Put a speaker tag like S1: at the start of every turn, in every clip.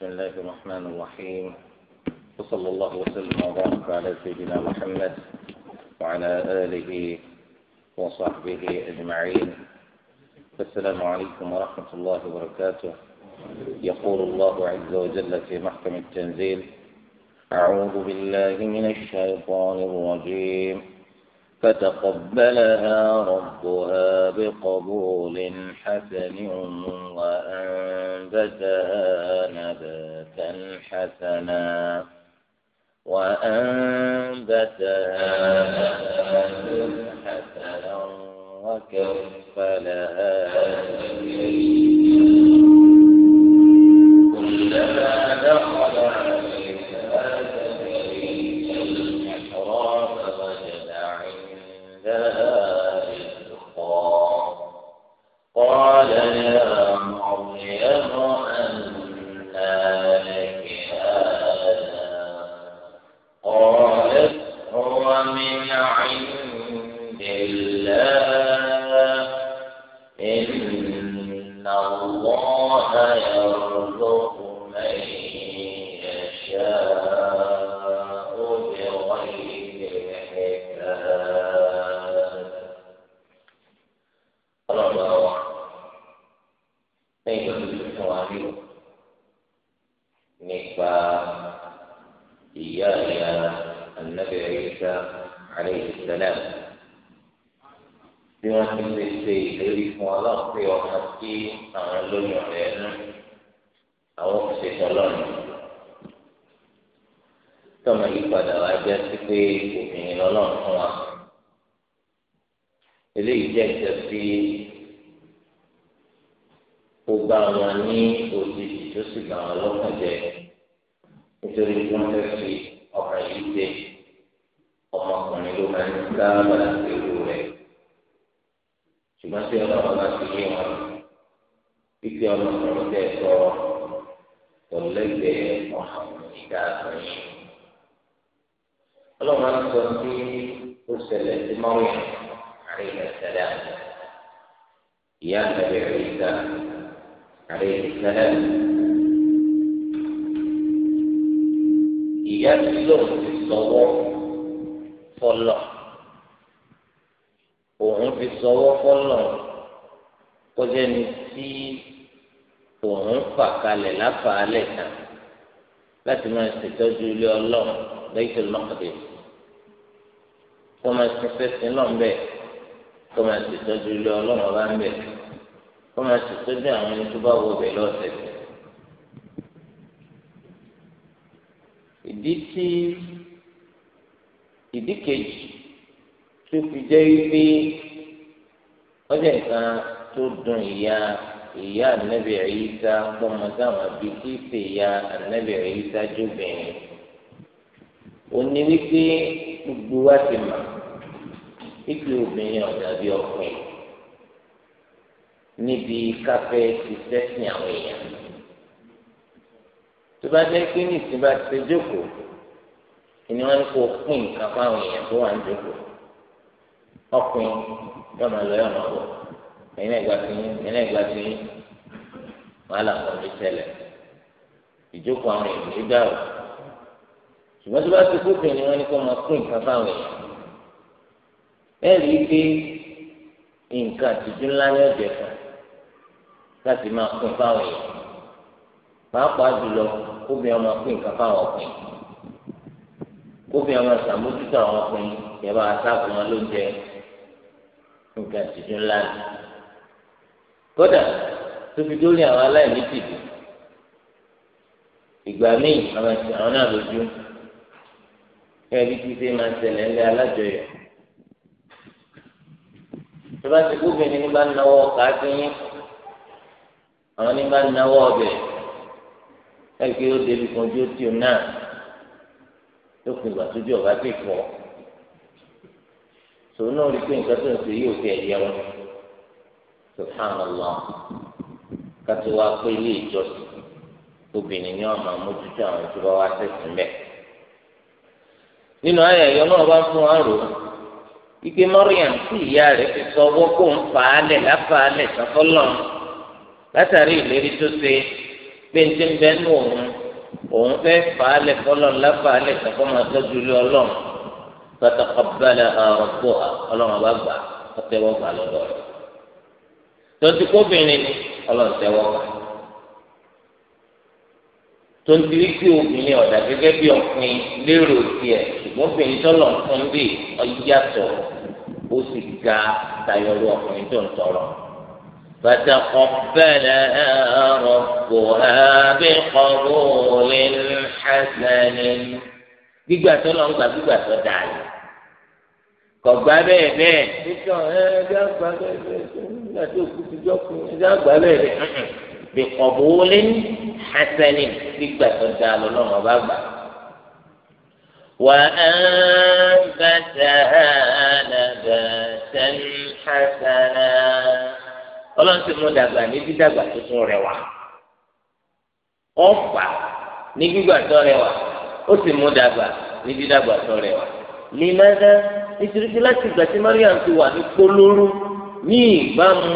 S1: بسم الله الرحمن الرحيم وصلى الله وسلم وبارك على سيدنا محمد وعلى آله وصحبه أجمعين السلام عليكم ورحمة الله وبركاته يقول الله عز وجل في محكم التنزيل أعوذ بالله من الشيطان الرجيم فتقبلها ربها بقبول حسن وأن أنبتها نبتا حسنا وانبتا نبتا حسنا وكفلها ọlọ́run fún wa eléyìí jẹ́ ìjẹ́ sí ó bá wọn ní òjijì tó sì bá wọn lọ́kàn jẹ nítorí tí wọ́n fẹ́ fi ọkàn yìí dé ọmọkùnrin ló máa ń sábà lérò rẹ̀ ṣùgbọ́n tí ọlọ́run bá ti yé wọn pípé ọmọkùnrin tẹ̀ sọ ọ̀lẹ́gbẹ̀ẹ́ ọ̀hún ìdá àtúnyìn ọlọ́run á sọ sí ó ṣẹlẹ̀ sí mọ́rin àríyá ìṣẹ̀lẹ̀ ìyá ìṣẹ̀lẹ̀ ìṣẹ̀lẹ̀ àríyá ìṣẹ̀lẹ̀ ìyá ìṣẹ̀lẹ̀ ti sọ̀wọ́ fọlọ̀ òun fi sọ̀wọ́ fọlọ̀ kọjá ni tí òun fà kalẹ̀ láfàálẹ̀ tán láti máa ṣètọ́jú ilé ọlọ́run lẹ́yìn tó lọ́kọ̀dé kó máa ti fẹsẹ̀ náà ń bẹ̀ kó máa ti tọ́jú ilé ọlọ́run ọba ń bẹ̀ kó máa ti tọ́jú àwọn ẹni tó bá wọ bẹ̀ lọ́sẹ̀ bẹ̀. ìdí tí ìdí kejì tó fi jẹ́ wípé ọjà nǹkan tó dùn ìyá ìyá ànábì Ìsá gbọ́mọ táwọn abí kí ìsè ìyá ànábì Ìsá jóbìnrin òní wípé gbogbo wa ti mà wípé obìnrin ọ̀dàbí ọkùnrin níbi káfẹ́ ti sẹ́sìn àwọn èèyàn tó bá jẹ́ pé nìsín bá ti jókòó ìní wọn kò pín nǹkan fáwọn èèyàn tó wà ń jókòó ọkùnrin yóò máa lọ yóò máa bọ̀ ẹ̀yin náà gba sí yín ẹ̀yin náà wàhálà kan ní ṣẹlẹ̀ ìjókòó àwọn èèyàn nígbà wò ṣùgbọ́n tó bá ti kó bìnrin wọn ni kó máa kún nǹkan fáwọn èèyàn bẹ́ẹ̀ rí i pé nǹkan àtijọ́ ńlá ní ọ̀jẹ̀ kan láti máa kún fáwọn èèyàn pàápàá jùlọ kóbìnrin ọmọ kún nǹkan fáwọn ọkùnrin kóbìnrin ọmọ sàmójútó àwọn ọkùnrin yẹba àtàkùn wọn ló ń jẹ nǹkan àtijọ́ ńlá ni kódà tó fi dórí àwọn aláìní tìbí ìgbà míì àwọn náà lójú ẹbí tí ṣe máa ṣẹlẹ̀ ńlẹ̀ alájọyọ̀ tó bá ti gómìnà ní bá náwó káàkì yín àwọn ní bá náwó ọbẹ̀ ẹ̀kí ó débi kan ojú tí o náà tó kùn ìgbà tójú ọ̀gá ti pọ̀ sòwò náà rí pé nǹkan tó ń ṣe yóò fi ẹ̀yẹ wọn subhanallah kátó wá pé ilé ìjọsìn obìnrin ni wọn máa mójútó àwọn tó bá wá sẹ̀sìn bẹ́ẹ̀ nínú ayé ẹ̀yọ́ náà bá ń fún wa rò ike Mariam tí ìyá rẹ̀ fi sọ ọwọ́ kó ń fà á lẹ̀ láfà á lẹ̀ sọ́fọ́lọ́ látàrí ìlérí tó ṣe pé ní ti ń bẹ́ẹ̀ òun òun fẹ́ fà á lẹ̀ fọ́lọ́ láfà á lẹ̀ sọ́fọ́ ilé ọlọ́run tọ́tàkọ́bẹ́lẹ̀ ọ̀rọ̀ tó ọlọ́run bá gbà ọtẹ́wọ́ lọ́dọ̀ rẹ̀ tó ti kóbìnrin ni ọlọ́run tẹ́wọ́ tó ń tiri pé obìnrin ọ̀dà gẹ́gẹ́ bí ọkùnrin lérò tiẹ̀ ṣùgbọ́n obìnrin tọ́lọ̀ fún bí ọyàtọ̀ ó sì ga tayọrọ ọkùnrin tó ń tọrọ. فتقبلها ربها بقبول حسن gbígbà tó lọ ń gbà gbígbà tó dáa ni kò gbà bẹ́ẹ̀ bẹ́ẹ̀ bí kọ̀bùwọlé ní hasani gbígbà tó dáa lọ́nà ọba gbà. وأنبتها نباتا حسنا ọlọ́run ti mú dàgbà ní dídàgbà tuntun rẹwà ọ̀fà ní gbígbà tó rẹwà ó sì mú dàgbà ní dídàgbà tó rẹwà. lèmọ́dá nítorí tí láti ìgbà mariam ti wà ní polówó ní ìbámu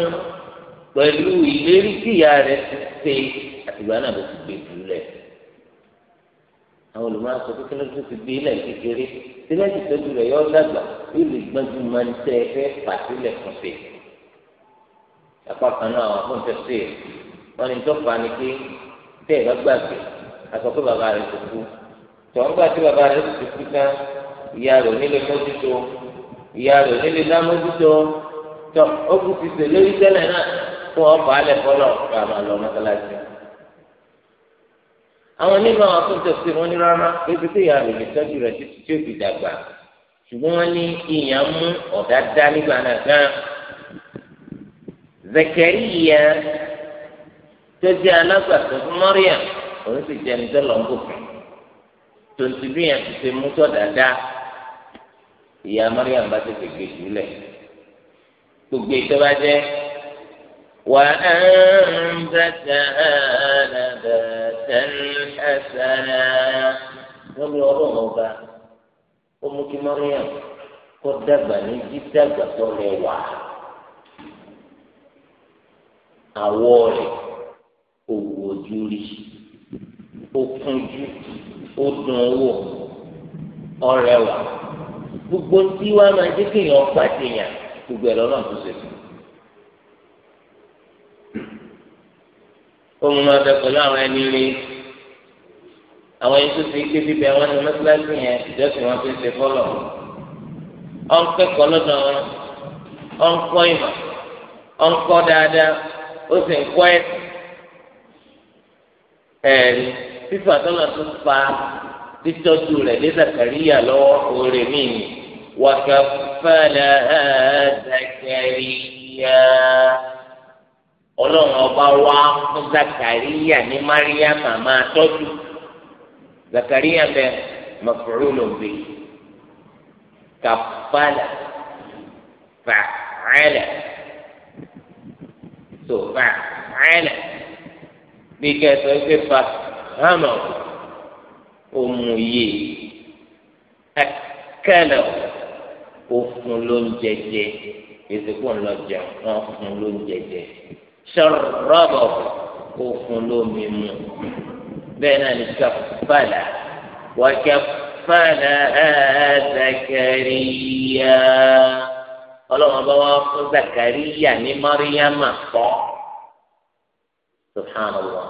S1: pẹ̀lú ìlérí tí ìyá rẹ̀ ti ṣe àtìgbà náà ló ti gbé ìdúlẹ̀. àwọn olùmọ̀ràn sọ pé kí ló ti gbé ilẹ̀ kékeré tí lẹ́yìn ìtọ́jú rẹ̀ yọ dàgbà yóò lè gbọ́njú máa ń tẹ ẹ fàtílẹ̀ fún ṣe. apá kan náà àwọn afọ́nfẹ́ ṣe é wọ́n ní tọ́fà ni pé tẹ́ ẹ̀ bá gbàgbé àsọ pé bàbá rẹ̀ ti kú tọ́wọ́n gbà tí bàbá rẹ̀ ti kú tán ìyá rẹ̀ nílé mójútó ìyá rẹ̀ nílé dámójútó tọ́ tí wọn fà á lẹ fọlọ kí a máa lọ mọ́sálásí àwọn onímọ̀ àwọn tó ń tẹ̀sí wọn ní rárá pépé tí ìyá rẹ̀ lè tọ́jú rẹ̀ títí tí ó fi dàgbà ṣùgbọ́n wọn ní ìyàn mú ọ̀dà dá nígbà náà gan Zakariya tó jẹ́ alágbàtọ́ fún Maryam òun sì jẹ́ ẹni tó lọ ń bò fún tontì bí yẹn ti ṣe mú tọ́ dáadáa ìyá Maryam bá tètè gbèsè lẹ̀ gbogbo ìtọ́ وأنبتها نباتا حسنا lórí ọlọ́run ọba ó mú kí mọ́ríyàn kó dàgbà ní dídàgbà tó lẹ́wà àwọ̀ ọrẹwà gbogbo tí wàá máa jẹ́ kéèyàn pàtẹ́yàn gbogbo ẹ̀ lọ́nà tó ṣe fún un. kó mo máa bẹ pẹ̀lú àwọn ẹni rí àwọn ẹni tó ti ké bíbẹ wọn ní mẹsàlásì yẹn ìjọsìn wọn fi ń ṣe fọlọ ọ̀n kẹ́kọ̀ọ́ lọ́dọ̀ wọn ọ̀n kọ́ ìmọ̀ ọ̀n kọ́ dáadáa ó sì ń kọ́ ẹ̀sìn ẹ̀rí fífà tọ́lá tó fa títọ́jú rẹ̀ dé Zakariya lọ́wọ́ oore mi ni wàkàfàlà Zakariya ọlọ́run ọba wa fún zakariya ní mariam máa tọ́jú zakariya bẹ maf'ulun bi kafala fa'ala so fa'ala bí kẹsàn án ṣe fa hàmà òmùyè ẹkẹlẹ òfun ló ń jẹjẹ èsì kò ń lọ jẹun wọn fún ló ń jẹjẹ. شربه كفن لومي بين الكفلة وكفلها زكريا ọlọ́run bá wá fún zakariya ní mariama kọ́ subhana wa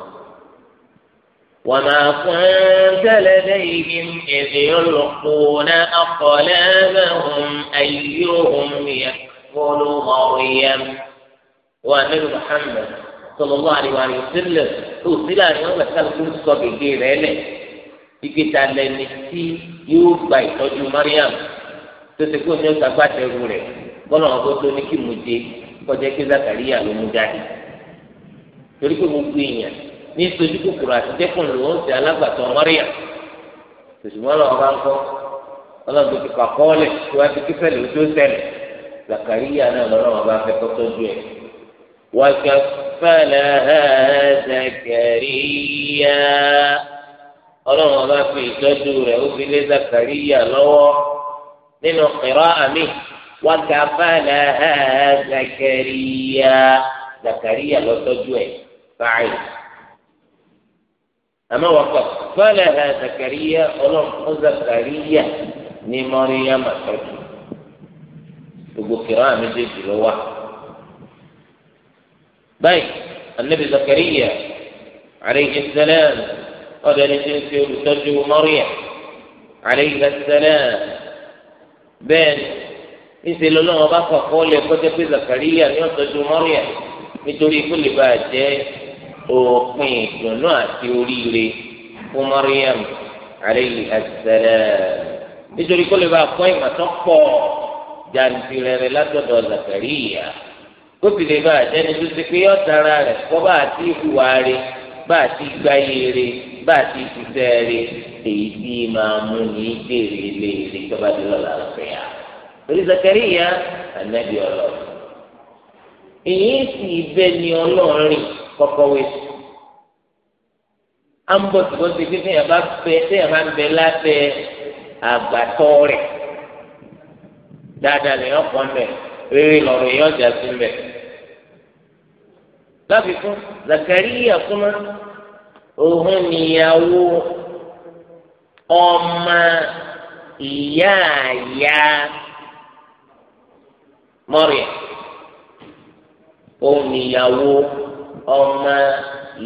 S1: wàmà kúntàlẹ̀ lẹ́yìn èdè olùkùnà akọ̀lẹ́mẹ̀hùn ayéhùn yẹ fọlọ́mọ̀ọ́yẹ́mù. ìwà nílùú Muhammad sọlọ́lá àríwá rẹ̀ sílẹ̀ tó sílẹ̀ àríwá rẹ̀ kálukú sọ gègé rẹ̀ lẹ̀ ìgbésà lẹ́ni tí yóò gba ìtọ́jú Mariam tó ti kó ní ọ̀sà gbàtẹ́rù rẹ̀ bọ́lá wọn kó tó ní kí mo dé kọjá pé Zakariya ló mú jáde torí pé gbogbo èèyàn ní sojú kòkòrò àti dẹ́kun ló ń ṣe alágbàtọ́ Mariam tòṣùmọ́ lọ́wọ́ bá ń kọ́ ọlọ́run ti kọ́ àkọọ́lẹ̀ tó wá ti kífẹ́ lè ó tó Zakariya náà lọ́wọ́ bá fẹ́ kọ́ ẹ̀ وكفلها زكريا ọlọ́run ọba fi ìtọ́jú rẹ̀ ó fi lé zakariya lọ́wọ́ nínú kẹrọ àmì wákàfàlà zakariya zakariya lọ́tọ́jú ẹ̀ báyìí àmọ́ wákàfàlà zakariya ọlọ́run fún zakariya ní mọ́ríyá màtọ́jú gbogbo kẹrọ àmì jẹ́jì lọ́wọ́ báyìí anabi zakariya aleyhi salam ọ̀dọ̀ ẹni tí ń ṣe olùtọ́jú mọ́ríà aleyhi salam bẹ́ẹ̀ ni ìṣe lọ́lọ́wọ́ bá kọ̀kọ́ lẹ kọ́jọ́ pé zakariya ní ọ̀tọ́jú mọ́ríà nítorí kó lè bá a jẹ́ òpin ìdùnnú àti oríire fún mọ́ríà aleyhi salam nítorí kó lè bá a kọ́ ìmọ̀tọ́ pọ̀ jàǹtìrẹrẹ látọ̀dọ̀ zakariya kó sì lè bá àtẹni tó ti pé ọ̀tara rẹ̀ kọ́ bá àti ìhùwà rẹ̀ bá àti gbáyé rẹ̀ bá àti ìṣiṣẹ́ rẹ̀ èyí tí máa mú ní ìbéèrè léèrè tó bá dé lọ́la ọ̀fẹ́ yà. torí Zakariya ànábì ọlọ́run èyí sì bẹ́ ni ọlọ́run kọ́kọ́ wẹ̀ sí à ń bọ̀ tìbọ̀ ti fi fẹ́yàn bá fẹ́ fẹ́yàn bá bẹ lábẹ́ àgbàtọ́ rẹ̀ dáadáa lè yàn kọ́ mẹ́ rírì lọ́rọ̀ yàn jà sí mẹ́ láfikún zakariya kuma òun níyàwó ọmọ ìyá àyà mọ́rìà òun níyàwó ọmọ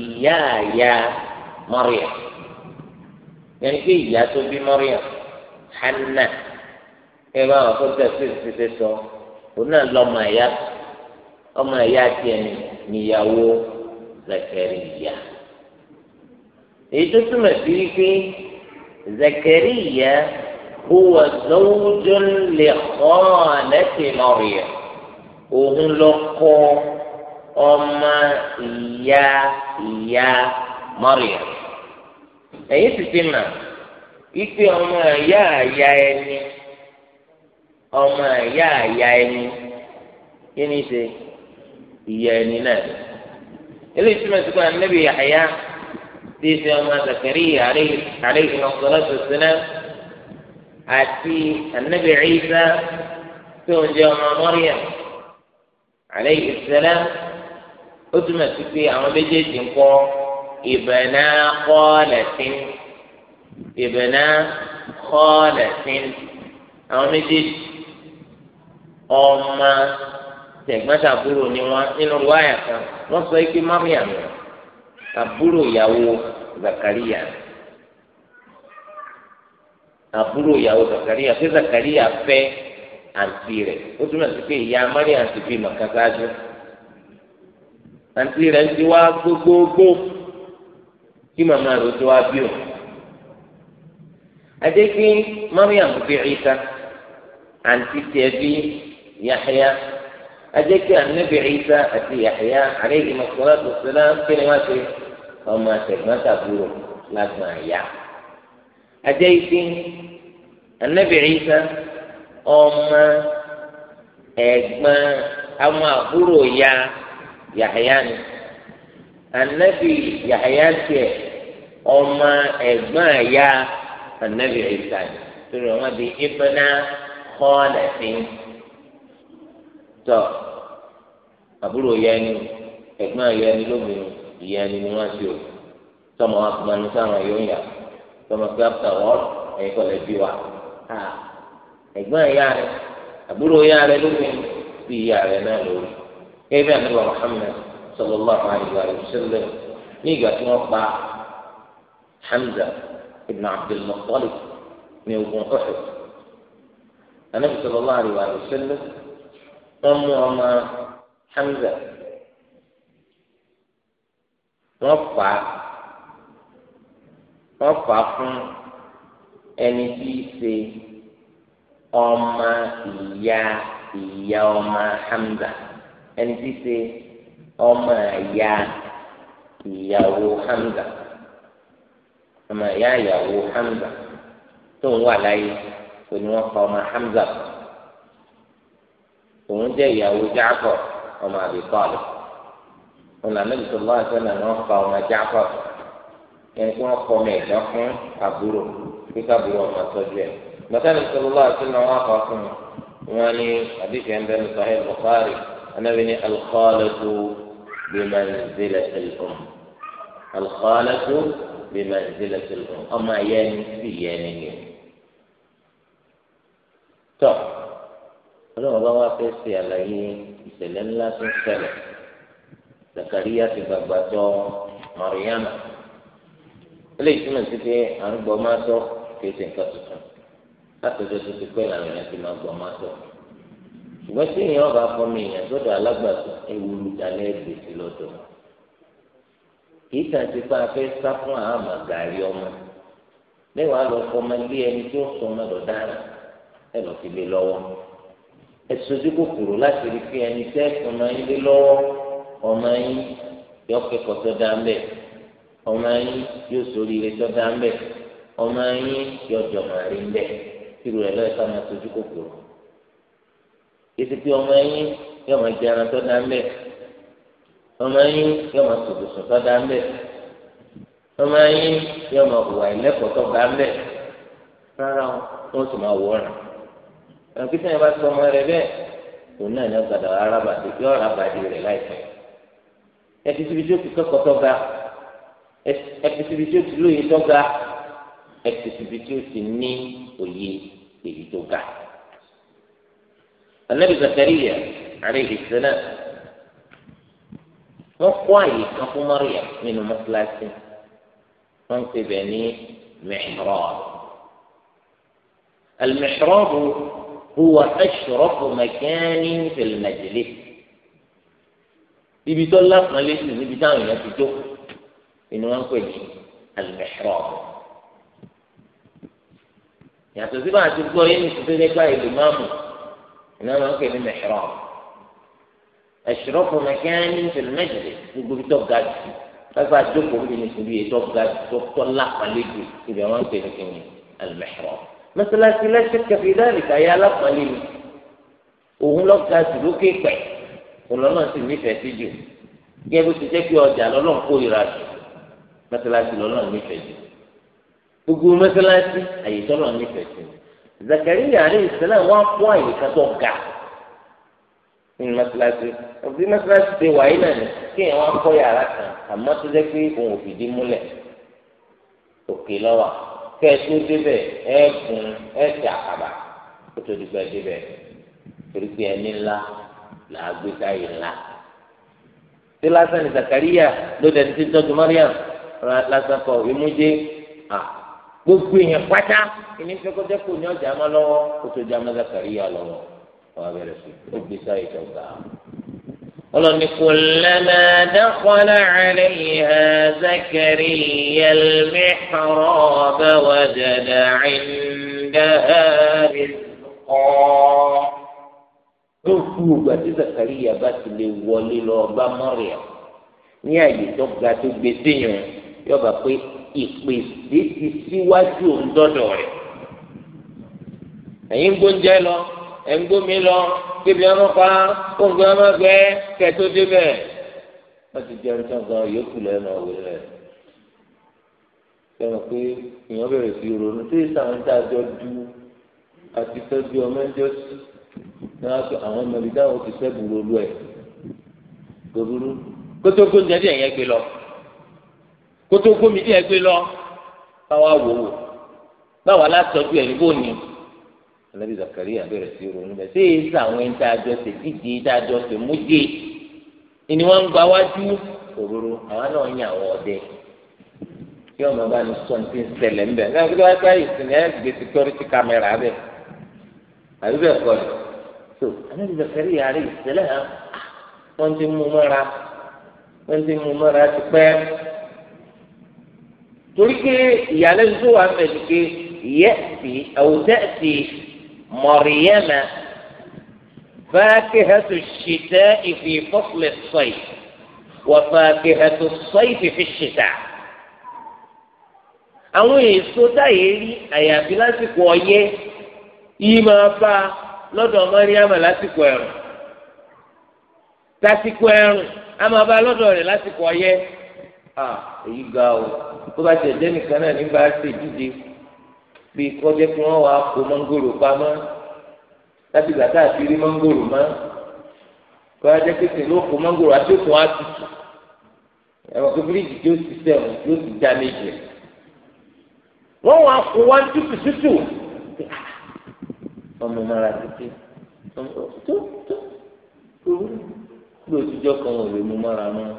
S1: ìyá àyà mọ́rìà yẹnni pé ìyá tó bí mọ́rìà hanna ẹ bá wà fún tẹ̀sí ti ṣe sọ òun náà lọ́mọ ẹ̀yà ọmọ ẹ̀yà tiẹ̀ nìyẹn níyàwó Zakariya èyí tó túmọ̀ sí wípé Zakariya huwa zawjun li khanati Maryam òun ló kọ ọmọ ìyá ìyá Maryam ẹ̀yìn sì ti mà wípé ọmọ ìyá ìyá ẹni ọmọ ìyá ìyá ẹni kí ni ṣe ìyá ẹni náà ni eléyìí túmọ̀ sí pé ànábì Yahya tí ìfẹ́ ọmọ Zakariya alayhi salatu wassalam àti ànábì Isa tí ó ń jẹ́ ọmọ Maryam alayhi salam ó túmọ̀ sí pé àwọn méjèèjì ń kọ́ ìbẹ̀nà kọ́ọ̀lẹ̀sìn ìbẹ̀nà kọ́ọ̀lẹ̀sìn àwọn méjèèjì ọmọ tẹ̀gbọ́n-tàbúrò ni wọ́n nínú wáyà kan wọ́n sọ pé mariam àbúrò ìyàwó zakariya àbúrò ìyàwó zakariya pé zakariya fẹ́ àǹtí rẹ̀ ó túmọ̀ sí pé ìyá mariam ti fi màkà sáájú àǹtí rẹ̀ ti wá gbogbogbò kí màmá rẹ̀ tó wá bí o àti mariam fi ìta àǹtí tẹ̀ bí yàhíyá. أجيك النبي عيسى أتي يحيى عليه الصلاة والسلام كلماته وما ما تقول لازم يا أجيك النبي عيسى أما أجمع أما أقول يا يحيى النبي يحيى أما أجمع يا النبي عيسى ترى ما دي ابن خالتي تو àbúrò ìyá ẹni ẹ̀gbọ́n ìyá ẹni lóbìnrin ìyá ẹni ni wọ́n ṣe o tọmọ wa kò máa ní sáwọn yóò yà tọmọ pé after all ẹ̀yin kọ́ lẹ bí wa ẹ̀gbọ́n ìyá rẹ àbúrò ìyá rẹ lóbìnrin bí ìyá rẹ náà lórí kébí àníbà Muhammad sallallahu alayhi wa sallam ní ìgbà tí wọ́n pa Hamza ibn Abdul Muttalib ní ogun Uhud àníbà sallallahu alayhi wa sallam wọ́n mú ọmọ hamza wọ́n fà á wọ́n fà á fún ẹni tí í ṣe ọmọ ìyá ìyá ọmọ hamza ẹni tí í ṣe ọmọ ìyá ìyàwó hamza ọmọ ìyá ìyàwó hamza tó ń wà láyé òní wọ́n fà ọmọ hamza òun jẹ́ ìyàwó jáfọ̀ ọmọ àbí tọ́lù ọ̀nà ànábì sọlá ìṣẹ̀lẹ̀ ni wọ́n fa ọmọ jáfọ́ ẹni tí wọ́n kọ́ ọmọ ẹ̀gbọ́n fún àbúrò pé káàbúrò ọmọ tọ́jú ẹ̀ bàtà ní sọlá ìṣẹ̀lẹ̀ wọn kọ́ fún wọn ní àdìsí ẹ̀ ń bẹ́ẹ̀ nípa ẹ̀ bọ̀kárì ànábì ní alukọ́lẹ́tù bimanzilẹ̀ ẹ̀lùm umm. alukọ́lẹ́tù bimanzilẹ̀ ẹ̀lùm umm. ọmọ ayẹ́ni sì yẹ́ni ni tọ́ ọlọ́run bá wá ṣe àlàyé ìṣẹ̀lẹ̀ ńlá tó ṣẹlẹ̀ Zakariya ti gbàgbà tọ̀ Mariama eléyìí túmọ̀ sí pé à ń gbọ́ máa tọ́ kìí ṣe nǹkan tuntun látọjọ́ tó ti pẹ́ làwọn èèyàn ti máa gbọ́ máa tọ́ ṣùgbọ́n tí èèyàn ọba fọmi èèyàn sọ́dọ̀ alágbàtọ́ ewu olùdalẹ́ gbèsè lọ́dọ̀ kìí kàn ti pa afẹ́ sá fún àmà gàrí ọmọ mẹ́wàá lọ fọmọ ilé ẹni tí ó sọmọ lọ dára ẹ lọ fi lé lọ́wọ́ ẹ̀sọ́jú kòkòrò láti rí pé ẹni tẹ́ ọmọ yín lé lọ́wọ́ ọmọ yín yọ kẹ́kọ̀ọ́ tó dá ń bẹ̀ ọmọ yín yóò sórí ilé tó dá ń bẹ̀ ọmọ yín yọ jọmọ rí ń bẹ̀ tìrù rẹ̀ lọ́yẹ̀ká máa sojú kòkòrò ètò pé ọmọ yín yọ máa jẹ ara tó dá ń bẹ̀ ọmọ yín yọ máa sòdòsò tó dá ń bẹ̀ ọmọ yín yọ máa hùwà ìlẹ́kọ̀ọ́ tó dá ń bẹ̀ rárá wọn sì máa wọ̀ràn ẹnìkí sẹ́yìn bá sọ ọmọ rẹ bẹ́ẹ̀ òun náà ní ọ̀gàdà arábàdì yọ arábàdì rẹ láìpẹ́ ẹtì síbi tí ó ti kẹ́kọ̀ọ́ tọ́ga ẹtì síbi tí ó ti lóye tọ́ga ẹtì síbi tí ó ti ní òye èyí tó ga. anabi zakariya alayhi salam wọn kọ àyè kan fún maria nínú mọ́sálásí wọn pè bẹ́ẹ̀ ní mihrab al هو ashrafu makanin في المجلس. ibi tó lásán lé sí níbi táwọn èèyàn ti jókòó inú wọn pè ní al-mihrab yàtọ̀ sí báyìí ti gbọ́ yín ní sísè nípa ìlú máàmù iná wọn pè ní mihrab ashrafu makanin fil majlis gbogbo tó ga jù lọ́sàá jókòó níbi níbi ètò ga jù tó tọ́ lásán ibi wọn pè ní al-mihrab mọ́sálásí lẹ́sẹ̀ kẹfì dáríkà yá alápọ̀nlé ni òun lọ́ka sí lókè pẹ̀ ọlọ́nà sì nífẹ̀ẹ́ sí jù gẹ́gẹ́ bó ti jẹ́ pé ọjà lọ́lọ́n kó ìra jù mọ́sálásí lọ́lọ́n nífẹ̀ẹ́ jù gbogbo mọ́sálásí àyè tọ́lọ́ nífẹ̀ẹ́ sí Zakariya alayhi salam wọn kó àyè kátó ga nínú mọ́sálásí òbí mọ́sálásí ti wáyé náà ni kéèyàn wọn kọ́ yàrá kan àmọ́ tó jẹ́ pé òun ò fìdí múlẹ̀ òkè lọ́wọ́ kẹ tó débẹ̀ ẹ gùn ẹ tẹ àkàbà kó tó dùgbà débẹ̀ torí pé ẹni ńlá là á gbé sáyé ńlá tí lásán ní Zakariya ló dẹni tí tọ́jú Mariam lásán kọ ìmújẹ à gbogbo èèyàn pátá ìní fẹkọtẹ kò ní ọjà má lọ́wọ́ kó tó jà má Zakariya lọ́wọ́ wọn bẹ̀rẹ̀ sí ó gbé sáyé tó ga ọlọ́ni kullama dakhala alayha zakariya al-mihrab wajada indaha rizqa. ó kú ìgbà tí zakariya bá ti lè wọlé lọ bá Maryam ní àyè tó ga tó gbé séyàn yọba pé ìpèsè ti síwájú òǹdọ́dọ̀ rẹ̀ ẹ̀yin gbóúnjẹ lọ ẹ̀ńgbómi lọ kébi ọmọ pa òǹgbẹ ọmọ gbẹ kẹtó débẹ̀ wọ́n ti jẹun tán gan yòókù lẹ́nu ọ̀wẹ́ rẹ̀ sẹ́wọ̀n pé èèyàn bẹ̀rẹ̀ sí ronú tí ìsàwọn tá a jọ du àti tọ́jú ọmọ ẹjọ́ sí náà sọ àwọn ọmọ ibi táwọn ti sẹ́gun lólu ẹ̀ gbòòrò kótókó ní ẹdí ẹ̀yẹ́ gbé lọ kótókó mi dí ẹ̀ gbé lọ báwa wò wò báwa látọ́jú ẹ̀ níbò ní anabi zakariya bẹ̀rẹ̀ sí ronú bẹ́ẹ̀ ṣé èyí sàwọn ẹni tá a jọ ṣe díje tá a jọ ṣe múje ni wọ́n ń gba wájú òróró àwọn náà ń yàn wọ́n ọdẹ kí ọmọ bá ní sọ ní ṣẹlẹ̀ ńbẹ náà kí wọ́n bá ìsìn ẹ̀ gbé security camera bẹ̀ àbí bẹ́ẹ̀ kọ́ ni so anabi zakariya rẹ̀ ìṣẹ̀lẹ̀ hàn wọ́n ti mú mọ́ra wọ́n ti mú mọ́ra ti pẹ́ torí pé ìyàlẹ́nu مريم فاكهة الشتاء في فصل الصيف وفاكهة الصيف في الشتاء àwọn èso táyé rí àyàfi lásìkò ọyẹ́ yìí máa bá lọ́dọ̀ mọríàmà lásìkò ẹ̀rùn lásìkò ẹ̀rùn a máa bá lọ́dọ̀ rẹ̀ lásìkò ọyẹ́ à èyí ga o tó bá tẹ ẹdẹ nìkan náà ní bá ṣèjúde bí kọjá kí wọ́n wá kó mọ́ngòrò pamọ́ láti gbà tá a ti rí mọ́ngòrò mọ́ kọjá kí sì ló kó mọ́ngòrò àti òkun á tutù ẹ̀wọ̀n kó fíríjì tí ó ti sẹ́wọ̀n tí ó ti dá méjì ẹ̀ wọ́n wá kó wá tútù tútù ọmọ mara títí tó tó tó lóòtújọ́ kan ò lè mú mara náà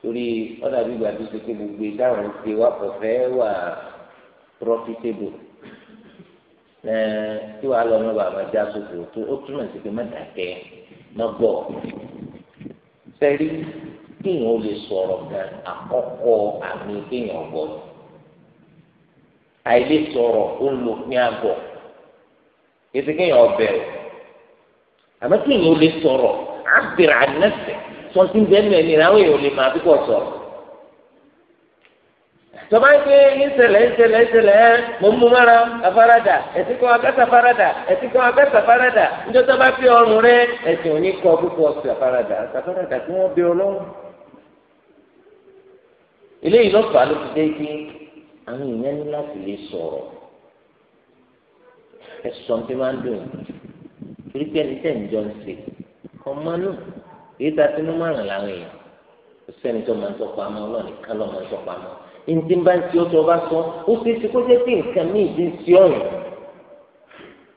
S1: torí ọ̀dà bí gbàdúrà ṣe pé gbogbo ṣe wà pọ̀ fẹ́ wà profitable ẹẹ tí wàá lọ mọ bàbá já sófò tó ó túmọ̀ sí pé mẹ́ta kẹ́ lọ́gbọ̀ sẹ́rí kéèyàn ó lè sọ̀rọ̀ kan àkọ́kọ́ àmì kéèyàn gbọ́ àìlè sọ̀rọ̀ ó ń lo pín àgọ̀ ètò kéèyàn ọbẹ̀ o àmọ́ kéèyàn ó lè sọ̀rọ̀ àbẹ̀rẹ̀ ànẹ́sẹ̀ sọ́ńtì bẹ́ẹ̀ mẹ́rin àwọn èèyàn ò lè máa bí kò sọ̀rọ̀ tọ́ba ń gbé ìṣẹ̀lẹ̀ ìṣẹ̀lẹ̀ ìṣẹ̀lẹ̀ ẹ̀ mọ̀ mú mọ́ra afárádà ẹ̀sìn kan akẹ́sà afárádà ẹ̀sìn kan akẹ́sà afárádà níjọ́ tọ́ba fi ọrùn rẹ ẹ̀sìn òní kọ́ púpọ̀ ọ̀sẹ̀ afárádà afárádà tí wọ́n bí ọlọ́run.
S2: eléyìí ló fà á ló fi
S1: dé kí àwọn èèyàn ní láti lè sọ̀rọ̀ ẹ sọ pé máa ń dùn torí pé ẹni tẹ̀ ń jọ ń ṣe ọmọ náà tá a ti mú márùn-ún làwọn èèyàn kò sẹ́ni tó máa ntí bá ń ti o tó bá sọ ó ṣe é ṣe kó jẹ́ pé nǹkan míì ti ń ti ọ̀rùn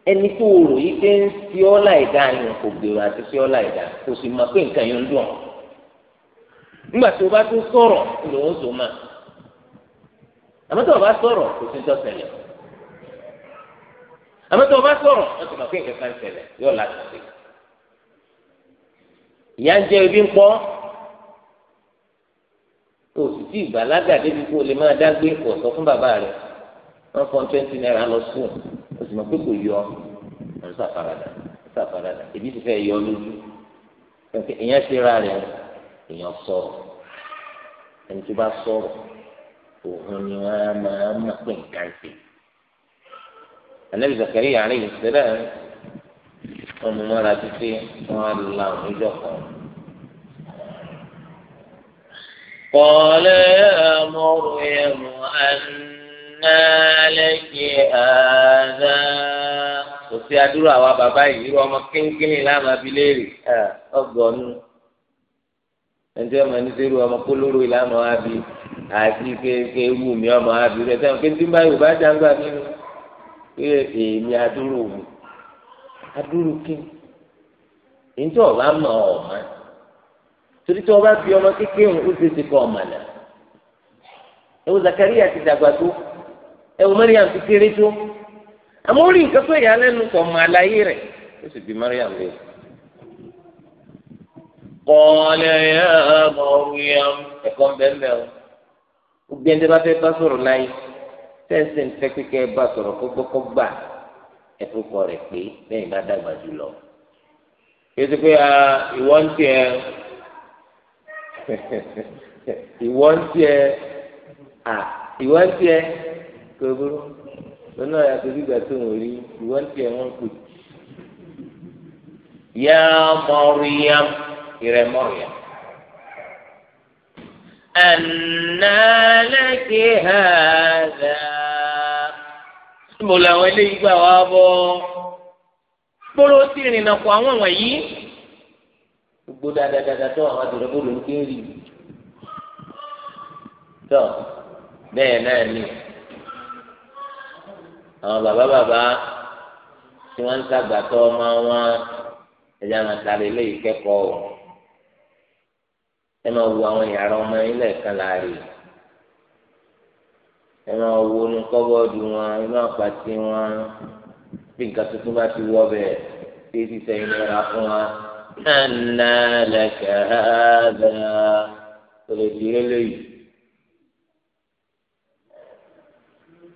S1: ẹni tó o rò yìí pé ń ti ọ́ láì dáa yẹn kò gbèrò àti ti ọ́ láì dáa kò sì mọ̀ pé nǹkan yẹn ń dùn ọ́ nígbà tó o bá tó sọ̀rọ̀ lòun tó máa àmọ́ tó o bá sọ̀rọ̀ kò sí tó ṣẹlẹ̀ àmọ́ tó o bá sọ̀rọ̀ wọ́n ti mọ̀ pé nǹkan kan ṣẹlẹ̀ yóò láti ṣe ìyá ń jẹ́ ibi ń pọ́ tí ìgbàlágà débi kó o lè máa dágbé kò sọ fún bàbá rẹ̀ wọ́n fọ́n twenty naira lọ sùn o sì mọ̀ pé kò yọ ọ̀n sàfaradà sàfaradà èbí ti fẹ́ yọ lójú èèyàn ṣe ra rẹ̀ èèyàn sọ̀rọ̀ ẹni tó bá sọ̀rọ̀ òun ni wọ́n á máa mọ̀ pé nǹkan ṣe. Ànábì Zakariya alayhi salam wọ́n mú mọ́ra títí wọ́n á lọ àwọn ìjọ kan. قال يا مريم أنى لك هذا òsì adúrò àwa bàbá yìí irú ọmọ kínkínní láàmà fi léèrè ọgọ́nù ẹnití ọmọ ẹni sẹ́rù ọmọ kólóró ìlànà wa bi àti kéèké wù mí bi rẹ sẹ́wọ̀n kéńtì bá yorùbá jàǹgbà nínú pé èmi adúrò torí tí wọn bá fi ọmọ kékeré ń ó ṣeéṣe kọ ọmọ náà ẹwọ Zakariya ti dàgbà tó ẹwọ Mariam ti kéré tó àmọ́ orí nǹkan tó yà lẹ́nu kọ ọmọ àlàyé rẹ̀ ó sì bí Mariam lé. kọ́lẹ̀ yà Mariam ẹ̀kọ́ ń bẹ́ẹ̀ bẹ́ẹ̀ o gbé ẹni bá fẹ́ bá sọ̀rọ̀ láyé tẹ́sán fẹ́ kékeré bá sọ̀rọ̀ kọ́gbọ́kọ́gbà ẹ̀fọ́kọ rẹ̀ pé bẹ́ẹ̀ bá dàgbà jù lọ. kí ẹ ti pé ah, ìwọ́n ti ẹ ìwọ ń tiẹ̀ à ìwọ ń tiẹ̀ kébú lọ́nà yàtọ̀ gbígbà tó ń rí ìwọ ń tiẹ̀ wọ́n pè yá mọ́ríyàm ìrẹ̀ mọ́ríyàm. أنا لك هذا mo làwọn eléyìí gbà wá bọ́ bọ́lọ́ sí ìrìnà àwọn wọ̀nyí gbogbo dáadáa tó àwọn àti rẹ́bù ló ń ké rí tó bẹ́ẹ̀ náà ni àwọn bàbá bàbá tí wọ́n ń ṣàgbàtọ́ ọmọ wọn ẹ̀yà màtàlẹ́ ilé ìkẹ́kọ̀ọ́ ẹ máa wo àwọn yàrá ọmọ yín lẹ́ẹ̀kan láàrin ẹ máa wo inú kọ́bọ́ọ̀dù wọn ẹ máa pàtí wọn bí nǹkan tuntun bá ti wọ́ bẹ́ẹ̀ tí èsì sẹ́yìn lọ́ra fún wa. أنا لك هذا tòlòdì eléyìí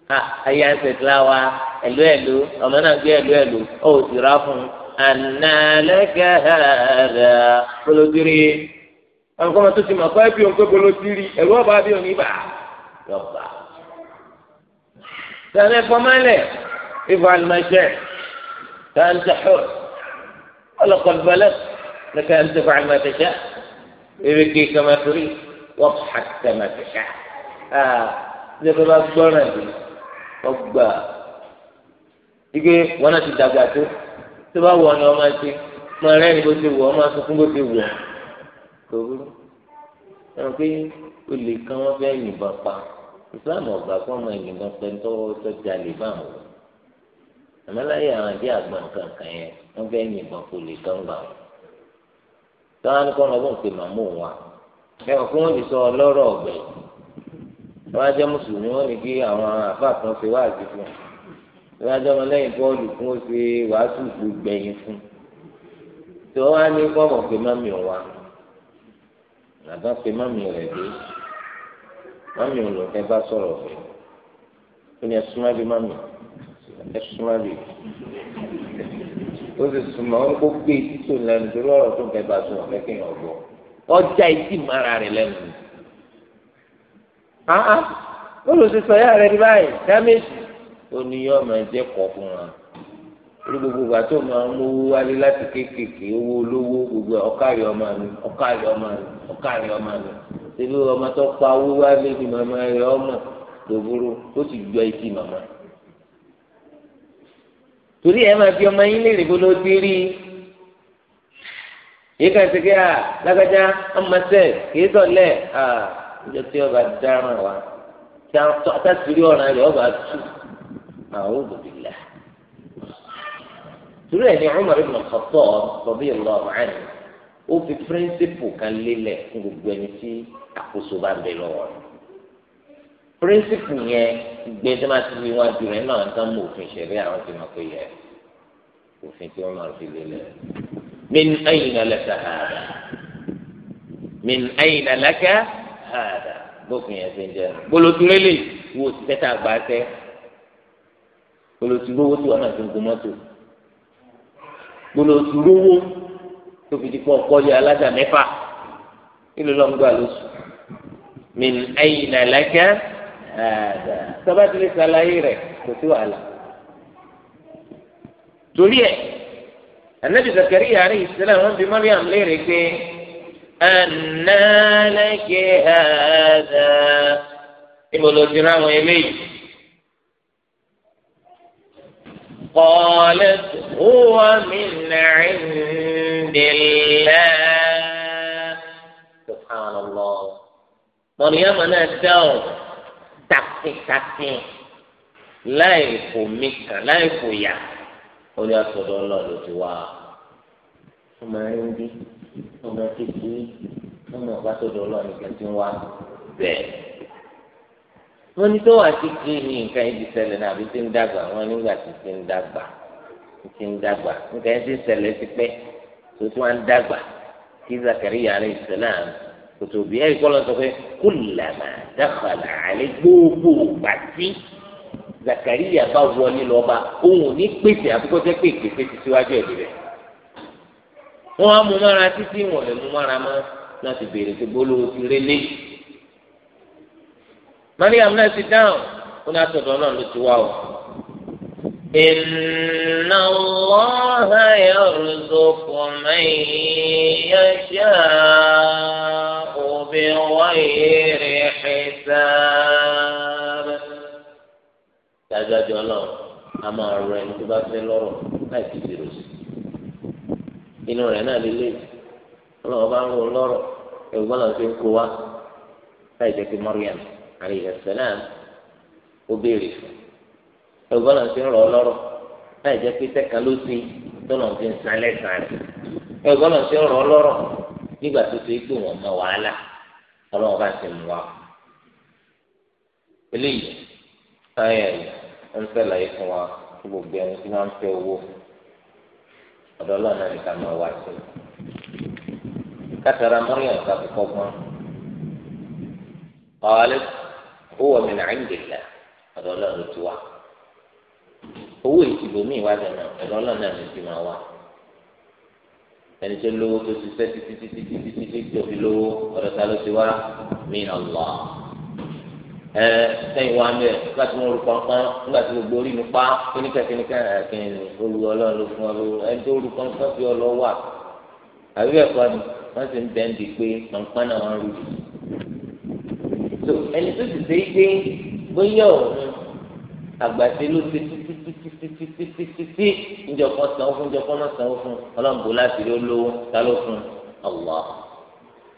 S1: a ayé àṣetìlá wa ẹlú ẹlú ọmọ náà gbé ẹlú ẹlú ó sì rà fún ànálẹ́kẹ́ ẹ̀rẹ́ tòlòdìrí àwọn kọ́mọ tó ti mọ̀ kọ́ ẹbí òun pé bolódìrí ẹ̀rú ọba bí òun ibà yọba sàlẹ̀ fọmọ́lẹ̀ ìfọ̀ àlùmọ̀ṣẹ́ sàǹtẹ̀ hùr. ولقد بلغت لك أن تفعل ما تشاء ابكي كما تريد واضحك كما تشاء آه ذكر أكبرنا دي أبا ike wọn náà ti dàgbà tó tó bá wọ ni wọn máa ṣe máa rẹ́ni bó ti wọ wọn máa sunkún bó ti wọ kò burú ẹnu pé olè kan wọn fẹ́ yìnbọn pa Islam ọgbà kan máa yìnbọn pẹ̀lú tọ́wọ́ tọ́jà lè bá wọn àmọ́ láyé àwọn àdé àgbọn nǹkan kan yẹn wọ́n fẹ́ yìnbọn kò lè tán gbà wọ́n tọ́wọ́n ní kọ́ lọ́gbọ́n pé màmú wa ẹ̀wọ̀n kí wọ́n lè sọ ọlọ́rọ̀ ọ̀gbẹ́ wọ́n á jẹ́ mùsùlùmí wọ́n ní kí àwọn àfáà kan ṣe wáàsí fún un wọ́n á jẹ́ ọmọ lẹ́yìn bọ́ọ̀lù fún ó ṣe wàásù gbẹ̀yìn fún un tí wọ́n á ní kọ́mọ̀ pé mami wa nàbá pé mami rẹ̀ dé mami ò bá sọ̀rọ̀ fẹ́ ẹ̀sùnmọ́lì ó sì súnmọ́ ó kó gbé títò lẹ́nu torí ọ̀rọ̀ tó ń bẹ bá sùn ọ̀fẹ́ kéèyàn gbọ́ ọjà ìdí mara rẹ̀ lẹ́nu. áá olùsísọ yá rẹ̀ ní báyìí dámẹ́sì ó ní yọ ọmọ ẹ̀jẹ̀ kọ̀ fún wa orí gbogbo ìgbà tó máa ń mówó wálé láti kéékèèké owó olówó gbogbo ọ̀kàrí ọmọ mi ọ̀kàrí ọmọ mi ọ̀kàrí ọmọ mi ṣébí ọmọ tó pa owó wálé ni màmá rẹ̀ ọmọ lòbúrò ó sì gbọ́ etí màmá rẹ̀. torí ẹ máa fi ọmọ yín léèrè bó ló ti rí yìí kan ti kí a lágbájá ọmọ sẹ kìí sọlẹ ìjọ tí ọba dáràn wa tí a tàṣírí ọ̀ràn rẹ̀ ọba tù àwọn òbòbìlà torí ẹ ní ó fi píríncípù kan fún píríncípù yẹn gbé tí wọ́n ti fi wọ́n ju rẹ̀ náà tán mú òfin ṣẹ̀rí àwọn ti máa pé yẹ òfin tí wọ́n máa fi lélẹ̀. min ayna laka hada min ayna laka hada bófin yẹn ṣe ń jẹ gbólótúré lè wo tẹ́tà gbà tẹ́ gbólótúró owó tí wọ́n náà ti ń gun mọ́tò gbólótúró tó fi di pọ̀ kọ́lé alájà mẹ́fà kí ló lọ́ gbà lóṣù min ayna laka tọ́ba ti lè eh, ṣàlàyé rẹ̀ kò sí wàhálà. torí ẹ̀ anabi Zakariya alayhi salam wọ́n bi Mariam léèrè pé anna laki hadha níbo ló eléyìí. قالت هو من عند الله سبحان الله مريم أنا أتاوم takintakin láì fò mí kàn láì fò yà orí àtọ̀dọ̀ ọlọ́ọ̀lù ti wá ọmọ ẹni bí ọmọ kékeré ọmọ àbátọ̀dọ̀ ọlọ́ọ̀lù kan ti wá bẹ́ẹ̀. wọ́n ní tó wà kékeré ní nǹkan ibi ṣẹlẹ̀ náà àbí ti ń dàgbà wọ́n nígbà tí ti ń dàgbà ti ń dàgbà nǹkan ẹ̀ ti ń ṣẹlẹ̀ ti pẹ́ tó tún wá ń dàgbà kí Zakariya alayhi salam kòtò bí ẹ̀rí kọ́ lọ sọ pé kullama dakhala alayhi gbogbo gbàtí Zakariya bá wọlé lọ́ba òun ní pèsè àbúkọ́ jẹ́ pé ìpèsè ti síwájú ẹ̀ débẹ̀ wọ́n á mú mára títí wọ́n lè mú mára mọ́ láti béèrè tó gbólóhùn ti rélé Mariam náà ti dáhùn ó ní àtọ̀dọ̀ náà ló ti wá o. إن الله يرزق من يشاء بغير حساب dájúdájú ọlọ́run a máa rọ ẹni tó bá fẹ́ lọ́rọ̀ láì fi bèrè sí inú rẹ̀ náà lélẹ̀ ọlọ́run bá ń rọ lọ́rọ̀ ẹ̀rù bọ́lá fi ń kó wa láì jẹ́ pé Maryam alayhi salam ó béèrè fún un. ẹ̀gbọ́n náà ti ń rọ ọlọ́rọ̀ láì jẹ́ pé sẹ́ka ló sin tó náà ti ń san lẹ́sàn rẹ̀ ẹ̀gbọ́n náà ti ń rọ ọlọ́rọ̀ nígbà tó ṣe ya wọ́n mọ wàhálà ọlọ́run bá ti mú wa. eléyìí táyà yìí fún wa gbogbo ẹni tí wọ́n fẹ́ owó ọ̀dọ́ ọlọ́run náà nìkan máa wá sí i. kátàrà mọ́ríyàn owó ìtìbò míì wá dáná ẹ̀rọ ọlọ́nà mi ti máa wá ẹni tó lówó tó ti fẹ́ títí títí títí títí tó fi lówó ọ̀dọ̀ ta ló ti wá mí ọ̀lọ́ ẹ sẹ́yìn wá ń bẹ̀ nígbà tí mo rú pọ́npọ́n nígbà tí gbogbo orí mi pa kíníkà kíníkà kìnìún olú ọlọ́run ló fún ọ lówó ẹni tó rú pọ́npọ́n fi ọ lọ wà àbí ẹ̀kọ́ ni wọ́n sì ń bẹ́ẹ̀ di pé pọ́npọ́n náà wọ́n rú. so ẹni tó ti ṣe é gbé bóyá òun àgbàṣe ló ṣe títítítítítítítí ìjọkan sanwó fún ìjọkan náà sanwó fún ọlọ́mùbó láti rí olówó ta ló fún ọ̀wọ́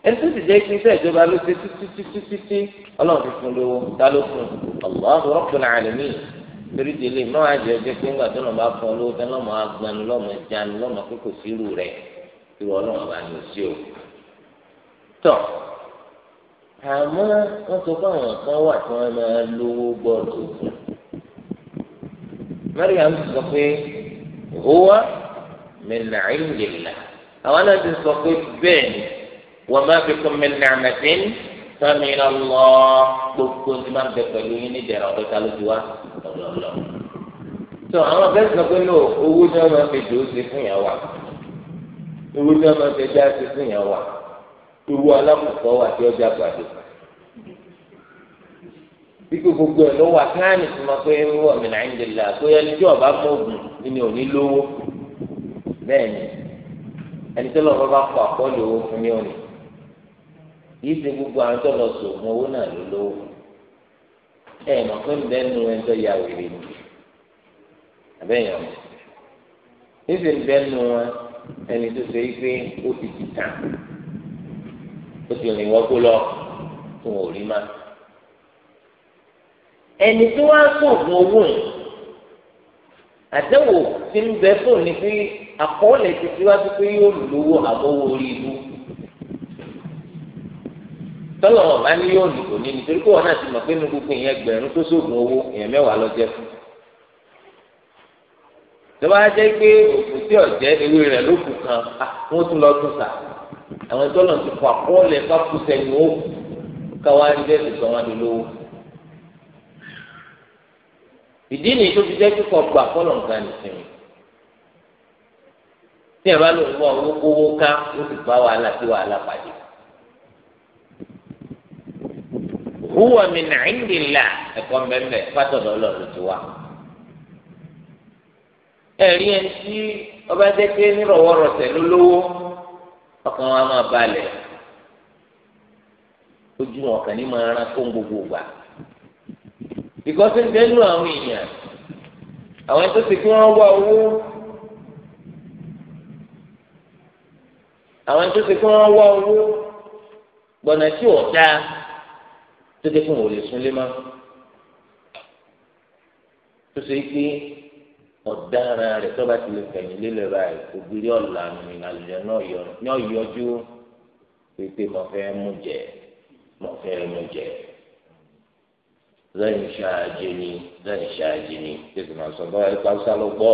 S1: ẹni tó ti jẹ́ pé iṣẹ́ ìjọba ló ṣe títítítítí ọlọ́run fi fún lówó ta ló fún ọ̀wọ́ Rabbul alamin torí délé má wàá jẹ ọjọ́ pé ńgbà tó lọ́ọ́ bá fún ọ lówó tán lọ́mọ agbanu lọ́mọ ìjánu lọ́mọ pé kò sí irú rẹ̀ irú ọlọ́run bá ní sí o tọ́ àmọ́ wọ́n sọ fún àwọn kan wà tí wọ́n máa lówó bọ́ọ̀lù òkun Maryam sọ pé huwa min 'indillah àwọn náà ti sọ pé bẹ́ẹ̀ ni wa ma bikum min ni'matin famin Allah gbogbo ní máa ń bẹ pẹ̀lú yín ní ìdẹ̀rẹ̀ ọ̀dọ́ ta ló ti wá lọ́lọ́lọ́. tó àwọn abẹ́rẹ́ sọ pé lóò owó tí wọ́n máa ń fi dòó ṣe fún yàn wà owó tí wọ́n máa fi dá ṣe fún yàn wà owó alákòókò wà tí ọjà gbàdúrà wípé gbogbo ẹ̀ lọ́wọ́ akáàní tó máa pé wọ́n mi náà ń dèlà pé ẹni tí ọba mọ̀gùn ni ò ní lówó bẹ́ẹ̀ ni ẹni tó lọ́wọ́ bá kọ àkọọ́lẹ̀ owó fún ní òní yìí ti gbogbo àwọn tó lọ sòògùn owó náà ló lówó ẹ mọ̀ pé ń bẹ́ẹ̀ nu ẹni ya wèrè ni àbẹ́yàn níṣẹ́ ń bẹ́ẹ̀ nu ẹni tó ṣe wípé ó ti ti tàn ó ti rìn wọ́gbó lọ tó wọn máa ẹni tí wọ́n á sọ̀gbọ̀ owó yìí àdéhùn ti ń bẹ fún ní pé àkọọ́lẹ̀ ti síwájú pé yóò lówó àbọ̀wò orí ibú tọ́lọ̀ wọn bá ní yóò lò ní nítorí pé wọn náà ti mọ̀ pé nu gbogbo ìyẹn gbẹ̀rún tó sóògùn owó èèyàn mẹ́wàá lọ jẹ́ fún tó bá pé òkú tí ọ̀jẹ́ ewé rẹ̀ ló kù kan wọ́n tún lọ tún sà àwọn tọ́lọ̀ ti kọ àkọọ́lẹ̀ kápúsẹ̀ ni ó káwá ń jẹ́ ìsọ̀wọ́n adolówó ìdí nìyí tó fi jẹ́ kíkọ gbà kọ́lọ̀ nǹkan nìsinmi tí ẹ bá lò wọ owó kówó ká ó sì bá wàhálà sí wàhálà pàdé. huwa min indillah ẹ̀kọ́ mẹ́mẹ́ fátọ̀dọ̀ ọlọ́run ti wá. ẹ̀rí ẹni tí ọba jẹ́ pé nírọ̀wọ́rọ̀sẹ̀ ló lówó ọkàn wa máa balẹ̀ ojú wọn kàn ní máa rán fún gbogbo ìgbà bìkọ́sí ń dẹnu àwọn èèyàn àwọn ẹni tó ti kí wọ́n wá owó àwọn ẹni tó ti kí wọ́n wá owó gbọ̀nà tí ò dáa tó dé fún òòlù súnlé má tó ṣe pé ọ̀daràn rẹ̀ tó bá ti lè fẹ̀yìn lélẹ̀ báyìí ògiri ọ̀la mi àlùyọ náà yọ ní ọ̀yọ́jú pé pé mo fẹ́ mú jẹ mo fẹ́ mú jẹ lẹ́yìn ṣáájú ni lẹ́yìn ṣáájú ni tètè máa sọ bọ́ọ̀ ẹ̀ka ọ̀sá ló gbọ́.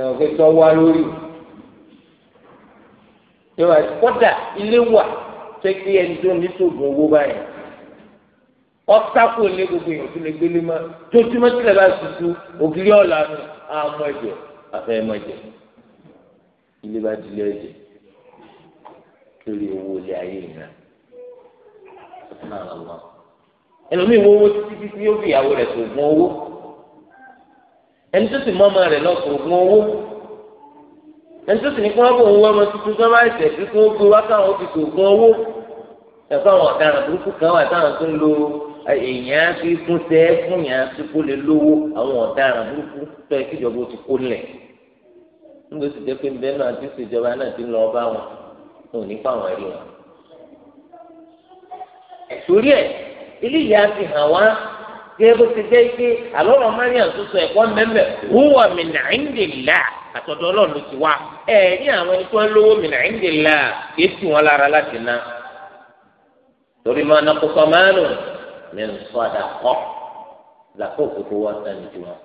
S1: ẹ̀wọ̀n pé tọ́ wá lórí ìwà kọ́dà ilé wà tẹ́ kí ẹni tó ní sóògùn owó báyìí ọtakò ní gbogbo èèyàn tó lè gbélé mọ tójúmọ́ tilẹ̀ bá tutù ògiri ọ̀la nù àmọ́ ẹ̀jẹ̀ àfẹ́ mọ́ ẹ̀jẹ̀ ilé bá dilé ẹ̀jẹ̀ lórí owó ilé ayé yìí ẹlòmíì wo owó títí títí yóò fi ìyàwó rẹ̀ sògùn owó ẹni tó sì mọ ọmọ rẹ̀ lọ sògùn owó ẹni tó sì ní kí wọ́n bò ń wọ ọmọ tuntun tó bá tí kò gbé wá káwọn ó fi sògùn owó ẹ̀fọ́ àwọn ọ̀daràn burúkú kan wà táwọn tó ń lo èèyàn fi gún sẹ́ tó kó lè lówó àwọn ọ̀daràn burúkú tó ẹ kíjọba ó ti kó lẹ̀ nígbà tó ti jẹ́ pé ń náà ti ṣèjọba náà ti lọ bá wọn ò ní àwọn ẹ̀rí torí ẹ̀ eléyìí á fi hàn wá gẹ́gẹ́ bó ti jẹ́ pé àlọ́rọ̀ mariam tó sọ ẹ̀kọ́ mẹ́mẹ́ wúwà mìnà ìndìlá àtọ̀dọ̀ ọlọ́run ló ti wá ẹ̀ ní àwọn ẹni tó ń lówó mìnà ìndìlá kì í tù wọn lára láti ná torí máa ná kókó márùn ní nsọ́dà kọ́ làkó òkòtò wọn sani jù wọn.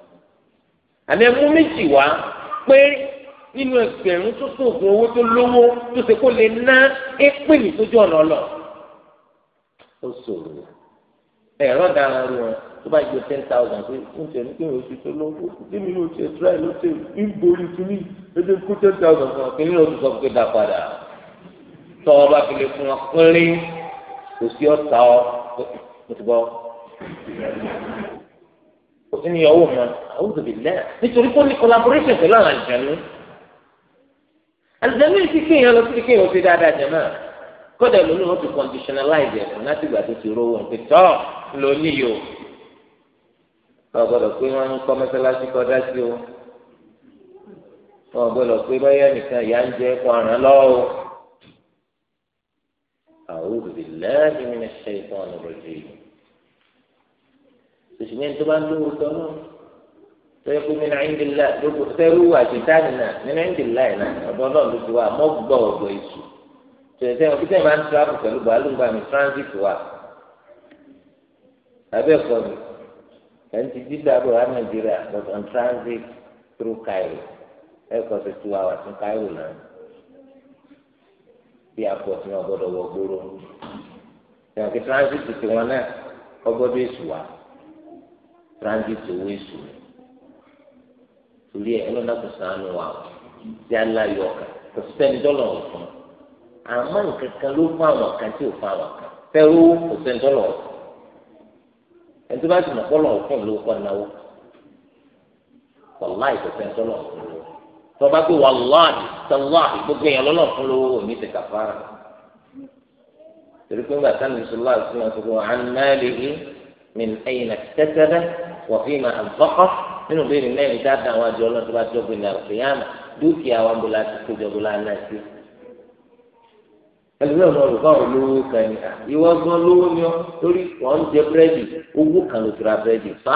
S1: àmì ẹ̀mú méjì wá pé nínú ẹgbẹ̀rún tó sóògùn owó tó lówó tó ṣe kó lè ná ẹ̀pìn ìtójú ọ̀nà ọlọ́run ó ṣòro ẹ̀rọ dára rí wọn tó bá gbé ten thousand pé ń tẹ̀lé kí wọ́n ti tó lọ́wọ́ kí mi ló ti ẹ̀ tíráì ló ti ń borí kíní ẹ̀jẹ̀ kó ten thousand fún ọ kí ní o ti sọ pé dá padà tọ́ ọ bá fi lè fún ọ pínlẹ́ kò sí ọ̀tá ọ mo ti bọ́ kò sí ní ìyàwó mọ àwùjọ bìí lẹ́yìn nítorí pé ó ní collaboration pẹ̀lú àwọn àjẹmí àjẹmí ti kéèyàn lọ sí kéèyàn ó ti dáadáa jẹ náà kódà lónìí wọn ti conditionalize ẹ̀fọn láti gbà tó ti rówó nǹkan tọ́ lónìí yìí o wọn gbọ́dọ̀ pé wọn ń kọ́ mọ́sálásí kọ́ dá sí o wọn gbọ́dọ̀ pé báyà nìkan ìyá ń jẹ kó aràn lọ o. a'udhu billahi minash shaitanir rajim òṣìṣẹ́ tó bá ń lówó tọ́ náà tọ́yẹ kó min indillah lóko sẹ́rù àti táàmì náà min indillah náà ọ̀dọ́ náà ló ti wá mọ́gbọ́ ọ̀dọ́ ìṣù tẹ̀sẹ̀ wọn kíkẹ́ máa ń travel pẹ̀lú bàálù gba mi transit wa abẹ́ ẹ̀kọ́ mi ẹ̀ ń ti dídá bọ̀ wá nàìjíríà but on transit through Cairo ẹ̀kọ́ ti two hours ní Cairo náà bí airport náà gbọ́dọ̀ wọ gbóró ẹ̀wọ̀n kí transit ti wọn náà ọgbọ́dọ̀ èṣù wa transit owó èṣù rẹ̀ torí ẹ̀ ẹ̀ lọ́nà kò sànù wa ti aláyọ̀ kò sẹ́ni dọ́là ọ̀fun àmọ́ nǹkan kan ló fún àwọn kan tí ò fún àwọn kan fẹ́ẹ́ owó kò sẹ́ńtọ́ lọ ẹni tó bá sì mọ̀ pọ́ lọ́wọ́ fún ìlú kọ́ náwó wàláì kò sẹ́ńtọ́ lọ fún lówó tọ́ba pé wàláì tàláì gbogbo èèyàn lọ́nà fún lówó òní ti kàfàrà torí pé ńgbà sani sọlá sí wọn sọ pé wọn náà lè yí mi ẹyin àti tẹ́tẹ́rẹ́ wọ́n fi máa àbọ́kọ́ nínú bẹ́ẹ̀ ni mẹ́rin dáadáa wọn jọ bó ẹlòmíì ọmọ olùkọ́ àwọn olówó kan ni ah, ìwọ gan lówó ni ọ lórí wọn ń jẹ búrẹ́dì owó kan ló tura búrẹ́dì fa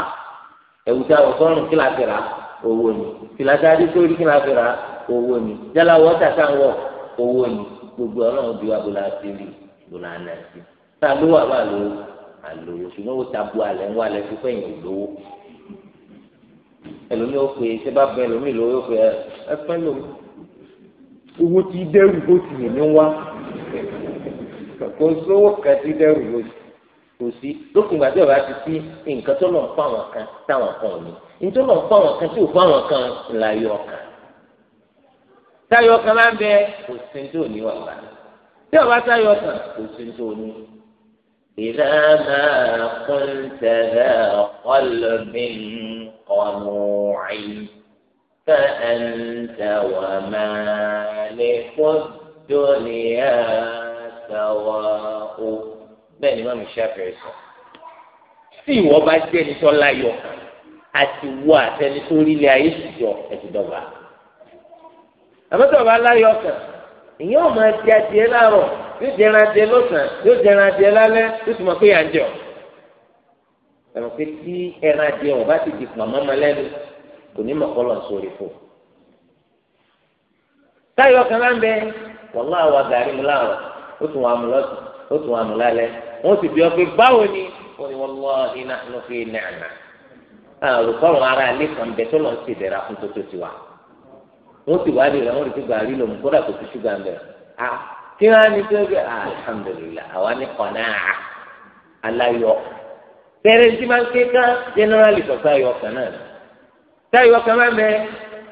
S1: ẹ̀wù tí a wọ̀ sọ́run kí la fi rà owó ni fìlàtí adé sórí kí la fi rà owó ni jálá wọ́ tàtà wọ̀ owó ni gbogbo ọlọ́run bí wa bó la ti rí bó la nà sí tá a lówó àbá lówó àlówó ṣùgbọ́n ó tabu alẹ́ ń wá alẹ́ fi pẹ́yìn olówó ẹlòmíì ó pe ṣé bá bẹ ẹlòmíì lówó ó pe ẹ fẹ́ lòmíì owó ti dẹ́rù bó ti yẹ ní wá kò sówó kẹtí dẹrù lóṣù kò sí lókun ìgbà ọba ti sí nǹkan tó lọ fún àwọn kan táwọn kan ò nítorí lọ fún àwọn kan tí ò fún àwọn kan là yọ ọkàn táyọ ọkàn máa ń bẹ kò sí tó ní wà wà tí ọba táyọ ọkàn kò sí tó ní. إذا ما قلت ذا قلب قنوع فأنت ومالك dúnìá sàwáwó bẹ́ẹ̀ ni mọ́mí ṣàfihàn sọ. tí ìwọ bá jẹ́ ẹni tó láyọ̀ àti wọ àtẹni tó rí ilé ayé ṣùjọ ẹ̀sìn dọ̀gba. àmọ́tọ̀ bá láyọ̀ kan ìyẹn ò máa di adìẹ láàárọ̀ yóò jẹran adìẹ lọ́sàn-án yóò jẹran adìẹ lálẹ́ yóò sì mọ̀ pé yà ń jẹun pé tí ẹran adìẹ wọn bá ti di pàmò ọmọ lẹ́nu kò ní mọkọlọ sórí fò. táyọ̀ kan máa ń bẹ wàhálà wa gàrí mu láàrọ̀ ó tún wà mú lọ́sùn ó tún wà mú lálẹ́ wọ́n sì bí ọ pé báwo ni ó ní wọ́n lọ́ iná ló fi nàánà àrùkọ́ àwọn ará ilé kan bẹ tó lọ́n sì dẹ̀ra fún tótó tiwa wọ́n sì wá dìrẹ̀ wọ́n rí pé gàrí lòun kódà kò sí ṣúgà ń bẹ̀ kí wọ́n á ní tó bẹ́ ah, alhamdulillah àwa ní kọ̀nà aláyọ̀ tẹ̀rẹ̀ tí máa ń ké ká generally kọ̀ sáyọ̀ kan náà sáyọ̀ kan máa ń bẹ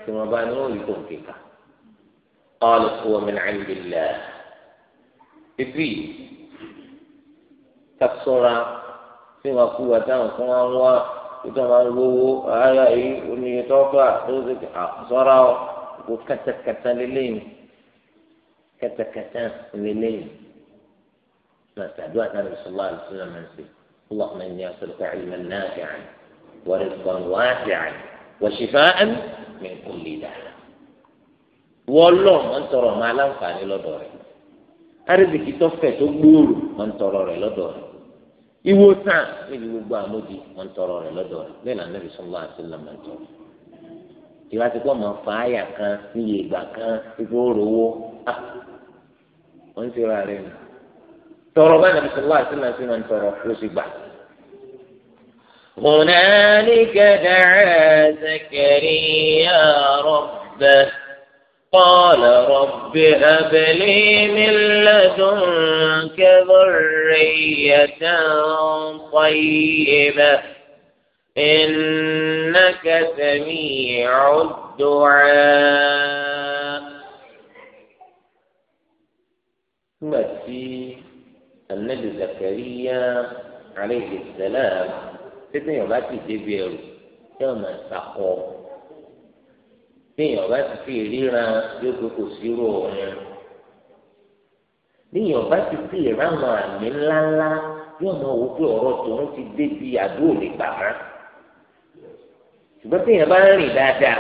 S1: tí wọ́n bá ní wọ́n rí tó ń ké ká. قالت هو من عند الله ibi kasọra fi wọn kú wọn táwọn fún wọn wá ìtọ́ máa ń lówó ara yìí oníyẹtọ́fà lóṣèlú àṣọra ọ kó kẹtẹkẹtẹ lélẹ́yìn kẹtẹkẹtẹ lélẹ́yìn nàṣàdúrà tàbí sọlá àlùsílẹ̀ máa ń sè اللهم إني أسألك علما نافعا ورزقا واسعا وشفاء من كل داء wọlọ mọ ń tọrọ ọmọ aláǹfààní lọ́dọ̀ rẹ̀ arizikì tọfẹ tó gbòòrò mọ ń tọrọ rẹ̀ lọ́dọ̀ rẹ̀ ìwòsàn níbi gbogbo àmódi mọ ń tọrọ rẹ̀ lọ́dọ̀ rẹ̀ bẹ́ẹ̀ lànà Nabi sallallahu alaihi wasallam máa ń tọrọ ìwà tí kò mọ fà áyà kan níye ìgbà kan ìfowóró owó a wọn ń tẹ̀ra rẹ̀ nù tọrọ bá Nabi sallallahu alaihi wasallam máa ń tọrọ ló sì gbà. هنالك دعا زكريا ربه قال رب هب لي من لدنك ذرية طيبة إنك سميع الدعاء في النبي زكريا عليه السلام في يوم ما تجيبه يوم أتقوم téèyàn bá ti fi ìríran yóò pé kò sírò òun téèyàn bá ti fi ìráwọn àmì ńláńlá yóò mọ owó pé ọ̀rọ̀ tòun ti débi àdúrò lè gbà má ṣùgbọ́n téèyàn bá ń rìn dáadáa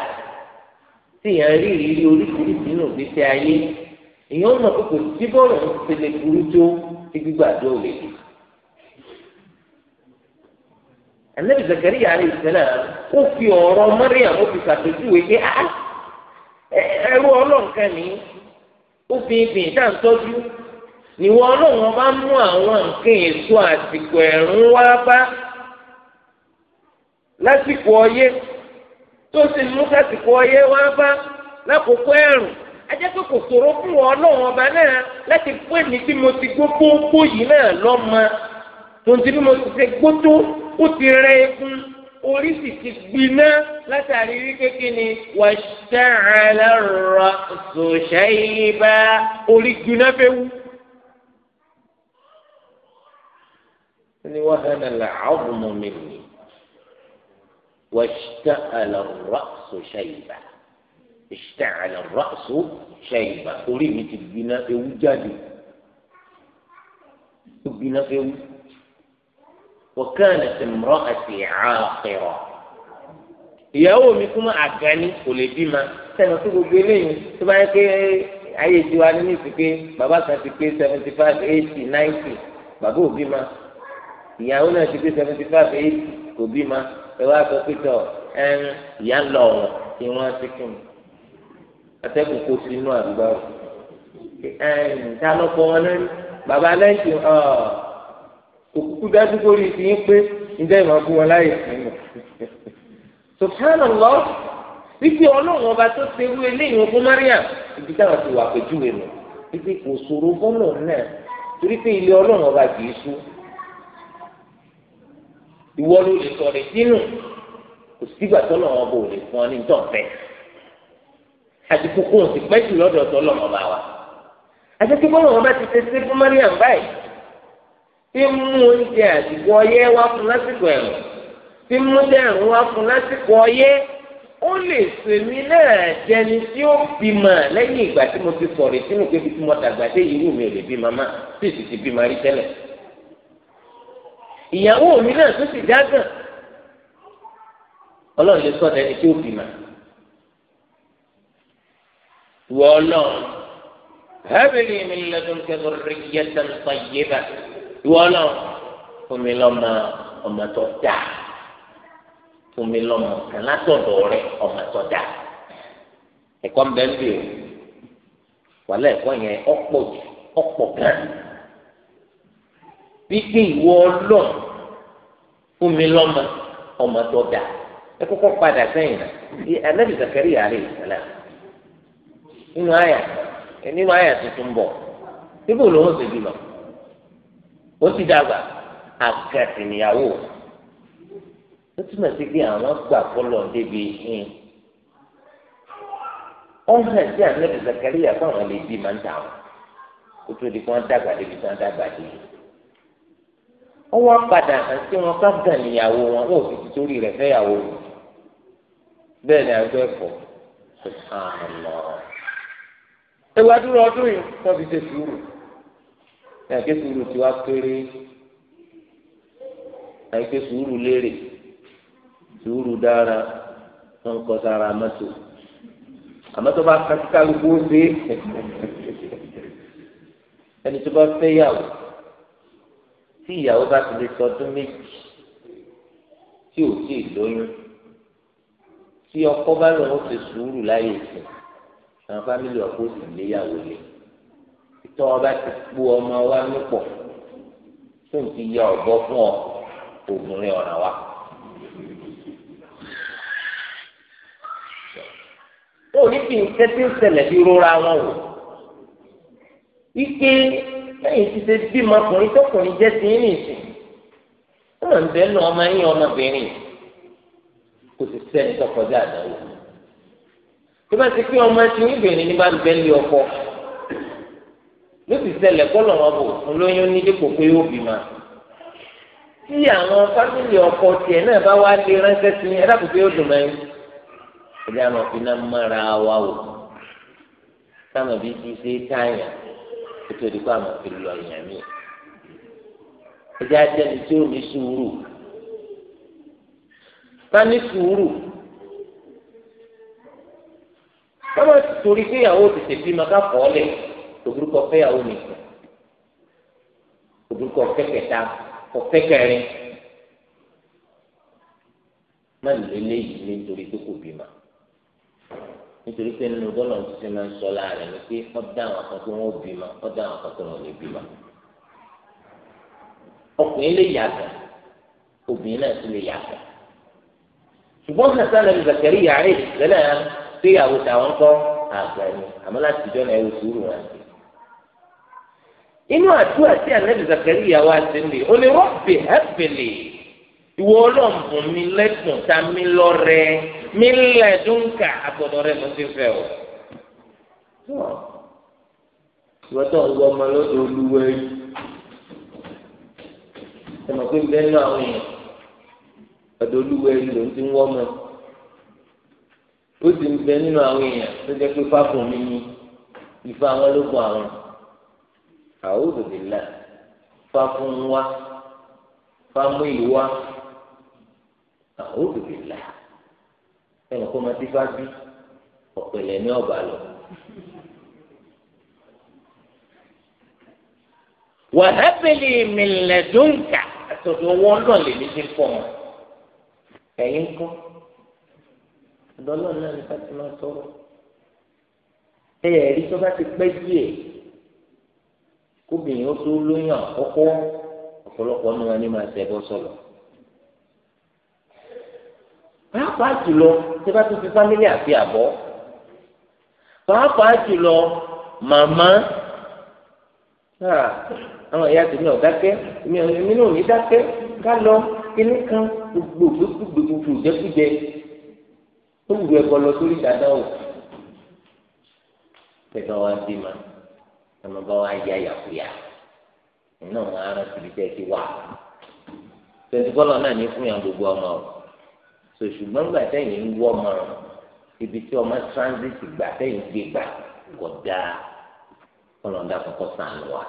S1: téèyàn rí ìrírí oríṣiríṣi nù gbèsè ayé èèyàn mọ̀ pé kò sí bọ́ọ̀rọ̀ ń pele burú tó tí gbígbà àdúrò lè dé. Ànábì Zakariya alayhi salam ó fi ọ̀rọ̀ Mariam ó fi ṣàpèjúwe pé áá ẹrú ọlọ́nkẹ́ ní obìnrin tá à tọ́jú nìwọ ọlọ́run bá mú àwọn nǹkan èso àsìkò ẹ̀rùn wá bá lásìkò ọyẹ́ tó sì mú sásìkò ọyẹ́ wá bá lákòókò ẹ̀rùn ajẹ́ pé kò ṣòro fún ọlọ́run ọba náà láti fún èmi tí mo ti gbó gbóngbó yìí náà lọ́mọ tòun ti bí mo ti ṣe gbó ó ti rẹ egun orí sì ti gbiná látàrí wíkékè ni wàṣẹ́rẹ́ lọ́rọ̀ sòṣẹ́yìnbá orí gbiná fẹ́ wú. ni wọ́n hàn án làwọn ọmọ mi nì wàṣẹ́rẹ́ lọ́rọ̀ sòṣẹ́yìnbá ìṣẹ́rẹ́ lọ́rọ̀ sòṣẹ́yìnbá orí mi ti gbiná ewu jáde gbiná fẹ́ wú. وكانت امرأتي عاقرة ìyàwó mi kún mọ àgání kò lè bímọ sẹnu tó gbogbo eléyìí tó bá yẹ pé ayé tiwa ní nífi pé bàbá kan ti pé seventy five eighty ninety bàbá ò bímọ ìyàwó náà ti pé seventy five eighty kò bímọ ẹ wá sọ pé tọ ẹn ìyá ń lọ ọ̀rọ̀ kí wọ́n ti kí mi atẹ́kùn kó sínú àdúgbò ẹn ta ló kọ́ wọn lórí bàbá lẹ́yìn ọ̀. òkúkú dájú lórí ti yín pé ǹjẹ́ ìmọ̀ fún wọn láyè sínú. subhanallah wípé ọlọ́run ọba tó ṣe wú eléyìí fún mariam ibi táwọn ti wà pẹ̀júwe nù wípé kò ṣòro bọ́lọ̀ náà torí pé ilé ọlọ́run ọba kì í sú ìwọ ló lè sínú kò sígbà tó lọ́wọ́ bò lè fún ọ ní àti kókó wa àti mariam tí mú oúnjẹ àsìkò ọyẹ́ wá fún lásìkò ẹ̀rùn tí mú dẹ̀rùn wá fún lásìkò ọyẹ́ ó lè sèmi náà jẹni tí ó bímọ lẹ́yìn ìgbà tí mo ti sọ̀rọ̀ tí mo kébi tí mo dàgbà dé irú mi ò lè bí màmá tí sì ti bímọ rí ìyàwó mi náà tó sì dágàn ọlọ́run lè sọ dẹni tí ó bímọ wọ́ọ́lọ́ hẹ́bìlì mi lẹ́dùn kẹ́kọ̀ọ́ rí yẹ́tẹ̀ ń sọ yé báyìí ìwọ náà fún mi lọ́mọ ọmọ tó dáa fún mi lọ́mọ kan látọ̀dọ̀ rẹ ọmọ tó dáa ẹ̀kọ́ ń bẹ ń bì o wàhálà ẹ̀kọ́ yẹn ọ̀pọ̀ jù ọ̀pọ̀ gan wípé ìwọ ọlọ́ọ̀ fún mi lọ́mọ ọmọ tó dáa ẹ kọ́kọ́ padà sẹ́yìn náà anabi zakari yàrá ìsẹlẹ nínú àyà nínú àyà tuntun bọ síbò lòun ṣe bímọ ó ti dàgbà àgàtì níyàwó ó túmọ̀ sí pé àwọn gbà fọlọ́ débi hin ó ń hàn sí àná Zakariya fáwọn lè bí máa ń tà wọn kó tó di kí wọ́n dàgbà débi tí wọ́n dàgbà dé ó wá padà hàn sí wọn ká gàn níyàwó wọn ó fi torí rẹ̀ fẹ́yàwó bẹ́ẹ̀ ni àgbẹ̀ fọ̀ sọ̀tàn lọ. ewu adúlọ̀ ọdún yìí wọ́n fi ṣe sùúrù ẹ̀kẹ́ sùúrù tí wàá kéré ẹ̀kẹ́ sùúrù lérè sùúrù dára wọn kọ sára mọ́tò àmọ́ tó bá kálukú ṣe ẹni tó bá fẹ́ yàwó tí ìyàwó bá ti lè sọdún méjì tí ò tí ì lóyún tí ọkọ bá lọ́wọ́ ṣe sùúrù láyè ìsìn àwọn fámìlì ọkọ sì léyàwó lé. tó o bá ti kú ọmọ wa nípò tó ń ya ọ̀bọ fún ọ obìnrin ọ̀ràn wa. ó ní kí n tẹ́tí ṣẹlẹ̀ bí rora wọn wò ike lẹ́yìn tí ṣe bímọ ọkùnrin tọkùnrin jẹ́ sí ní ìsìn wọn ń nù ọmọ yín ọmọbìnrin kò sì sẹ́ni tọkọjá ọkọ. ló ti ṣẹlẹ̀ kọ́lọ̀ wọn bò fún lóyún ní dípò pé ó bì máa tí àwọn fámìlì ọkọ tiẹ̀ náà bá wá lé ránṣẹ́ sí ẹ dákun pé ó dùn mẹ́rin ìdí àwọn ọ̀fìnà mọ́ra wa wò táwọn bí ti ṣe táyà kó tó di kó àwọn fi lọ ìyàn mí ẹjẹ ajẹni tí ó ní sùúrù ká ní sùúrù ká má torí pé ìyàwó tètè bímọ ká fọ́ ọ́ òbúrúkọ fẹ́yàwó nìkan òbúrúkọ fẹ́kẹta ọ̀fẹ́kẹrin má lélẹ̀ yìí nítorí pé kò bímọ nítorí pé nínú bọ́lá ń ti máa ń sọ láàrin ni pé ọ̀dà àwọn kan tó wọ́n bímọ ọ̀dà àwọn kan tó wọ́n lè bímọ ọkùnrin lè yàtọ̀ obìnrin náà sì lè yàtọ̀ ṣùgbọ́n hasan nàbí zakari yàrá ìdílé náà síyàwó tàwọn kọ́ àgbà ni àmọ́ láti jọ́ náà ewu sùúrù wọn sí inú àdúrà tí anabi Zakariya wá sí ni ó ní rọ́bì hẹ́bìlì ìwọ ọlọ́mùbùn mi lẹ́gbọ̀n ta mi lọ́rẹ́ mi lẹ́dúnkà àtọ̀dọ̀ rẹ̀ mo fẹ́ o. ìwọ tó ń wọ ọmọ lọ́dọ̀ olúwẹ̀ ẹnì pé bẹ́ẹ̀ náà àwọn èèyàn ọ̀dọ̀ olúwẹ̀ ló ti ń wọ́ ọmọ ó sì ń bẹ nínú àwọn èèyàn tó jẹ́ pé fáfọ̀ mi ni ìfọ̀ àwọn ló kọ àwọn àwùjọ bìlà fáfúnwá fámúìwá àwùjọ bìlà ẹnì kó máa ti bá bí ọ̀pẹ̀lẹ̀ ní ọ̀bà lọ. wàhábìlì mìlẹ̀dúnkà àtọ̀dọ̀ wọn náà lè ní sí fún ọ. ẹ̀yin kọ́ ọ̀dọ́ náà ní ká ti máa tọrọ. ẹ̀yà tó bá ti pẹ́ díẹ̀ kóbìnrin ó tó lóyún àkọ́kọ́ ọ̀pọ̀lọpọ̀ ní wọn ní máa tẹ̀ bọ́ sọ̀rọ̀. pàápàá jùlọ tí bá tún fi fámílì àti àbọ̀ pàápàá jùlọ màmá àwọn ìyá tèmi ò dákẹ́ èmi náà ò ní dákẹ́ ká lọ kíní kan gbogbo gbogbo jẹkújẹ ó wù ẹ̀kọ́ lọ sórí ìdáná o. tẹ̀sán wa ń bí màá ẹmọ bá wá yá yàkuyà iná wọn arán síbi tẹ́ ti wà tẹ̀síkọ́lọ̀ náà ní fún yàn gbogbo ọmọ o sòṣùgbọ́n gbà tẹ̀yìn ń wọ́ ọmọ ibi tí ọmọ transit gbà tẹ̀yìn gbé gbà kò dáa kọlọ̀dà kọ̀kọ́ sànù wa.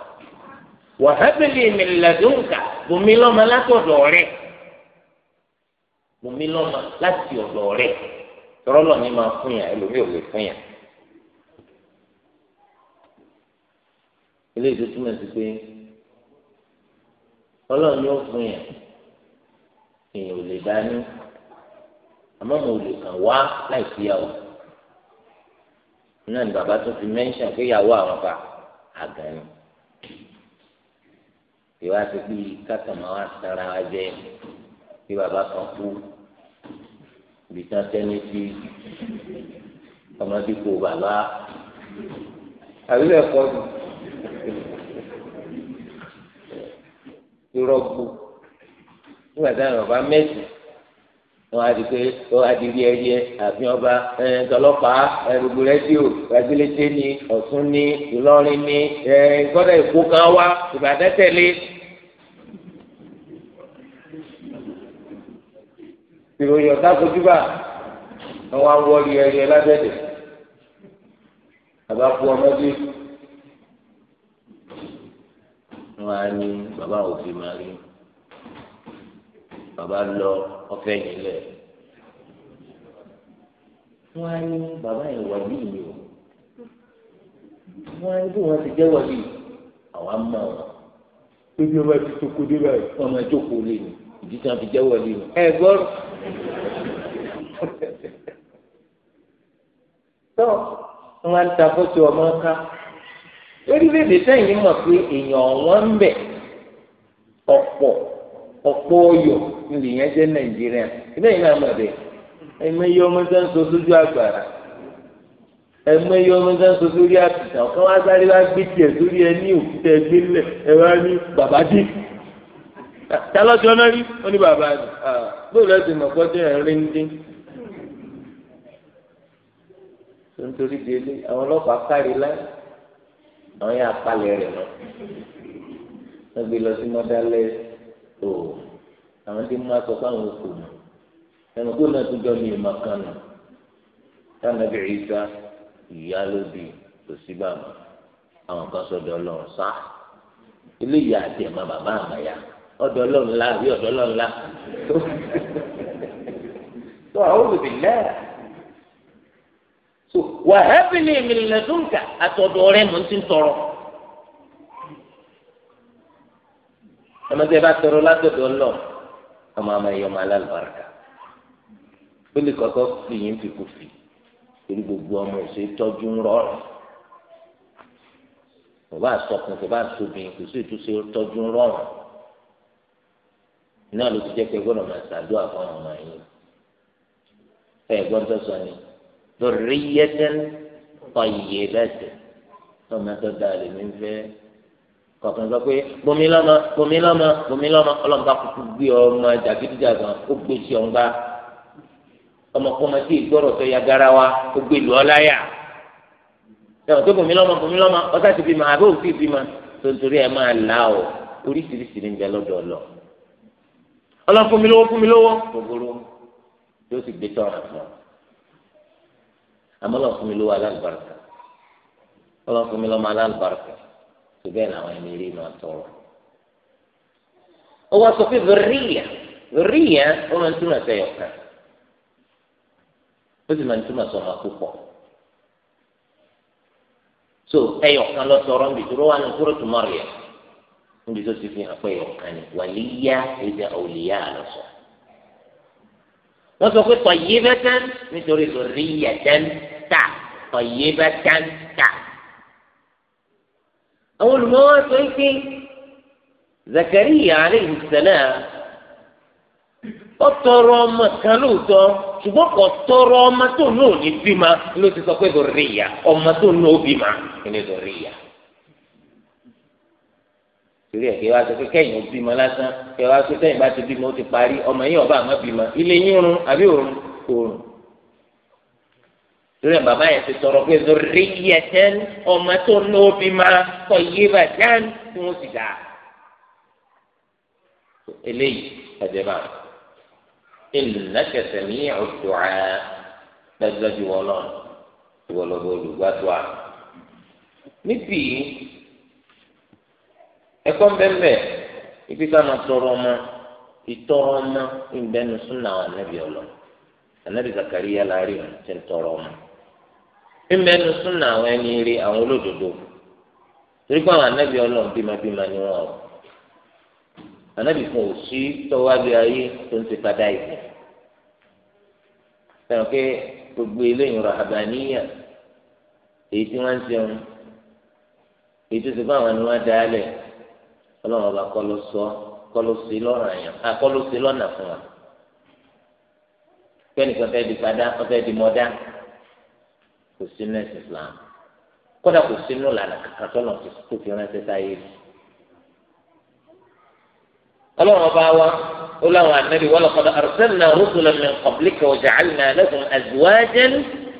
S1: wàhábìlì mìlẹ̀dúnkà bùnmi lọ́mọ láti ọ̀dọ̀ rẹ̀ bùnmi lọ́mọ láti ọ̀dọ̀ rẹ̀ tọ́rọ́lọ́ ni máa fún yàn ẹlòmíì ò lè fún yàn. eléyìí tó túmọ̀ sí pé ọlọ́run yóò fún yàn èèyàn ò lè dání àmọ́ mo lè kàn wá láì síyàwó náà ni bàbá tó fi mẹ́ńṣà pé ìyàwó àwọn fa àgànnì ìwà ti pé kátàmá wa sára wa jẹ bí bàbá kan kú ibi tí wọn tẹ́lẹ̀ sí ọmọdé kó bàbá àbí bẹ́ẹ̀ kọ́ mi. ìrọ̀gbù nígbà táwọn ọba mẹ́sì wọn adi pé wọn adi rí ẹyẹ àfi ọba ẹ tọlọ́pàá ẹ gbogbo rẹdíò rẹgbẹlẹsẹ ní Ọ̀ṣun ní Ìlọrin ní ẹ gbọ́dọ̀ Èkó kan wá Ìbàdàn tẹ̀lé. ìròyìn ọ̀tá kojúbà wọn wá ń wọlé ẹyẹ lábẹ́dẹ̀ àbá fún ọmọdé wọn á ní bàbá òfin máa rí bàbá lọ ọ̀fẹ́ yìí lẹ wọn á ní bàbá yẹn wà ní ìlú wọn á ní bí wọn ti jẹ wọlé àwọn á mọ wọn pé bí ti tókó dé báyìí wọn máa jókòó lé ní ìdí tí wọn fi jẹ wọlé ní. ẹ gbọ́dọ̀ tó wọn á ta fọ́tò ọmọ ká orílẹ̀-èdè sẹ́yìn mọ̀ pé èèyàn ọ̀wọ́n ń bẹ̀ ọ̀pọ̀ ọ̀pọ̀ ọyọ̀ nílẹ̀ yẹn jẹ́ nàìjíríà ilé yìí náà mọ̀ bẹ́ẹ̀ ẹ̀mọ iye ọmọ sẹ́ ń so sójú àgbàrá ẹ̀mọ iye ọmọ sẹ́ ń so sórí àtìsàn kí wọ́n sáré wá gbé tiẹ̀ sórí ẹ ní òkúta ẹgbẹ́ lẹ̀ ẹ wá ní bàbá dé ta lọ́jọ́ náà rí ó ní bàbá bóòlù ẹ̀sìn mọ̀kọ́jọ́ ẹ̀ ń rí ń dín nítorí délé àwọn ọlọ́pàá kárí láyé àwọn yẹn apalẹ̀ rẹ̀ mọ́ wọ́n lọ sí mọ́tálẹ́ o àwọn tí mo sọ fáwọn òkú mi ẹnu kó náà tún jọ mi ìmọ̀ kan nù tánàbí ìsá ìyá ló di òsínbàmù àwọn kan sọdọ Ọlọ́run sá eléyìí àti ẹ̀ma bàbá àmà ya ọdọ Ọlọ́run la àbí ọdọ Ọlọ́run la tó àwọn olùbí lẹ́ẹ̀ wàhábìlì mìlẹ̀dúnkà àtọ̀dọ̀ rẹ mò ń ti tọrọ. ẹmọdé bá tọrọ látọ̀dọ̀ lọ ọmọ àmọ ẹyọ ọmọ alálùbáràkà ó lè kọ́kọ́ fi yín fìkú fi torí gbogbo ọmọ òṣèré tọ́jú ń rọrùn kò bá sọkùn kò bá sóbìn kò sí ìtúsí tọ́jú ń rọrùn náà ló ti jẹ́ pé gbọ́dọ̀ máa ṣàdúrà fún ọmọ yín ẹ gbọ́dọ̀ sọ ni. ذرية طيبة ثم tó من lè mí fẹ́ kọkàn sọ pé bomi lọmọ bomi lọmọ bomi lọmọ ọlọmọba kúkú gbé ọmọ jàgídíjàgàn ó gbé sí ọmọba ọmọkọmọ tí ìgbọràn tó ya gara wa ó gbé lù ọ láyà sọ pé bomi lọmọ bomi lọmọ ọtá ti bímọ àbẹ òfin bímọ tó ń ẹ máa là ọ oríṣiríṣi ní bẹ lọ́dọ̀ ọlọ ọlọ fún mi lówó fún gbogbo yóò sì gbé tọrọ fún ọ àmọ́ lọ́n fún mi lówó alálùbáríkà ọlọ́n fún mi lọ́mọ alálùbáríkà tó bẹ́ẹ̀ làwọn ẹni rí máa tọrọ. ó wá sọ pé vẹ̀ríyà vẹ̀ríyà ó máa ń túmọ̀ sẹ́yọ̀ kan ó sì máa ń túmọ̀ sọmọ púpọ̀ so ẹyọ̀ kan lọ tọrọ níbi tó wà ní kúròtù mọ́rìyà níbi tó ti fi hàn pé ẹyọ̀ kan ni wàlíyà ẹ̀dẹ̀ òlìyà àlọ́sọ̀ọ́ wọ́n sọ pé tọ̀yí bẹ́tẹ́ nítorí lórí yẹ̀tẹ́n tọ̀yẹ́bá táǹtà. àwọn olùmọ̀wá sọ pé Zakariya aleyhi salam ó tọrọ ọmọ kan lóòótọ́ ṣùgbọ́n kò tọrọ ọmọ tó ní òní bímọ ló ti sọ pé zòríyà ọmọ tó ní òbímọ ní zòríyà torí ẹ̀ kí wá sọ pé kẹ́yìn ò bímọ lásán kẹ́ wá sọ kẹ́yìn bá ti bímọ ó ti parí ọmọ yín ọba àmọ́ bímọ ilé yín run àbí òrun òrun torí ẹ bàbá yẹn ti tọrọ pé zurriyatan ọmọ tó lóbi máa kọ yé bá dán tí wọn sì dá eléyìí ẹdẹbà innaka sami'u du'a dájúdájú wọn lọ ìwọ lọ bó olùgbàdùà níbí ẹ̀kọ́ mbẹmbẹ ibi ká máa tọrọ ọmọ ìtọrọ ọmọ ìbẹnu súnà ànábì ọlọ ànábì Zakariya láàrin tí ń tọrọ ọmọ ìmẹ́nu súnà àwọn ẹni rí àwọn olódodo torí pé àwọn anábì ọlọ́run bímabíma ni wọ́n ọ̀ anábì fún òsì tọ́wájú ayé tó ń ti padà ìsìn fẹ́ràn pé gbogbo eléyìí rọ àbáníyà èyí tí wọ́n ń ṣeun èyí tó ti fún àwọn ni wọ́n dá lẹ̀ ọlọ́run ọba kọ́ ló sọ kọ́ ló sí lọ́rùn àyàn kọ́ ló sí lọ́nà fún wa pé nìkan fẹ́ di padà wọ́n fẹ́ di mọ́dá kò sínú ẹ̀sìn islam kódà kò sínú ìlànà kankan tọ́lọ̀ tó fi ránṣẹ́ sáyé rí ọlọ́run ọba wa ó láwọn ànábì wa laqad arsalna rusulan min qablika wa ja'alna lahum azwajan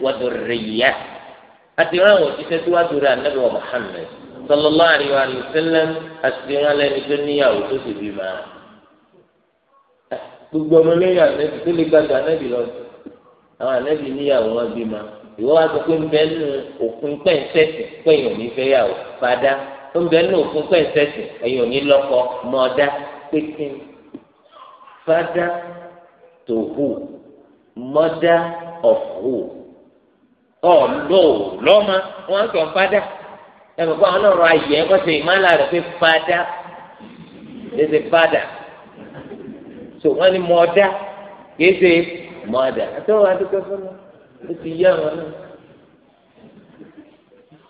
S1: wa dhurriyyah àti ìrànwọ́ òṣìṣẹ́ tí wàá dúró ànábì wa muhammed sallallahu alayhi wa sallam àti ìrànwọ́ lẹ́ni tó níyàwó tó sì bímọ. gbogbo ọmọ lẹ́yìn ànábì tó lè gbàgbọ́ ànábì lọ àwọn ànábì níyàwó wọn bímọ ìwọ wá sọ pé ń bẹ nínú òkun pẹ́ǹsẹ̀sì pẹ́yìn òní fẹ́ yà ó padà ń bẹ nínú òkun pẹ́ǹsẹ̀sì ẹ̀yìn òní lọ́kọ mọ́ọ́dá pékin father to who mother of who ọ̀lọ́ lọ́mọ wọn sọ father ẹ̀mí kọ́ àwọn ọ̀rọ̀ ayé ẹ̀kọ́ ṣe ìmọ̀lá rẹ̀ pé father ẹ̀ṣẹ̀ father so wọ́n ní mọ́ọ́dá kìí ṣe mọ́ọ́dá àti ọ̀rọ̀ adúgbò fún mi. ó ti yá wọn náà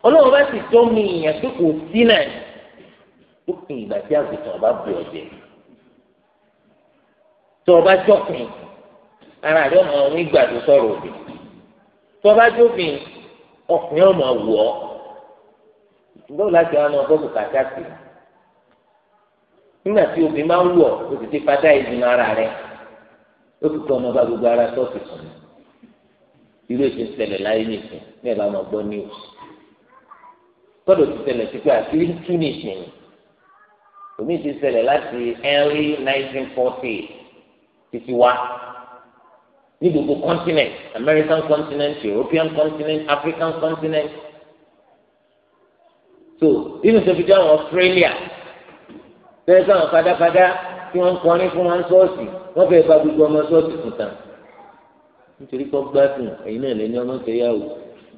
S1: ọlọ́run bá sì tó mi ìyẹn pé kò sí náà lópin tí àgùntàn bá o bá ara rẹ̀ ọmọ ọ̀run ìgbà tó sọ̀rọ̀ òbí tó o bá jófin ọkùnrin ọmọ wù ọ́ báwo láti nígbà tí obìnrin máa ń wù ọ́ o sì ti ìdùnnú ara rẹ̀ ó fi kọ́ ara irú èsì ṣẹlẹ̀ láyé nìsín ní ẹ̀ bá máa gbọ́ news tọ́dọ̀ ti ṣẹlẹ̀ sí pé àti tú nìsín omi ti ṣẹlẹ̀ láti early 1940. forty títí wá ní gbogbo continent American continent European continent African continent so nínú tó fi jẹ́ àwọn Australia tẹ́lẹ̀ sáwọn fadafada tí wọ́n ń kọrin fún wọn ṣọ́ọ̀ṣì wọ́n fẹ́ẹ́ bá gbogbo ọmọ ṣọ́ọ̀ṣì tuntun nítorí kó gbádùn ẹ̀yin náà lẹ́ni ọmọ tó yàwó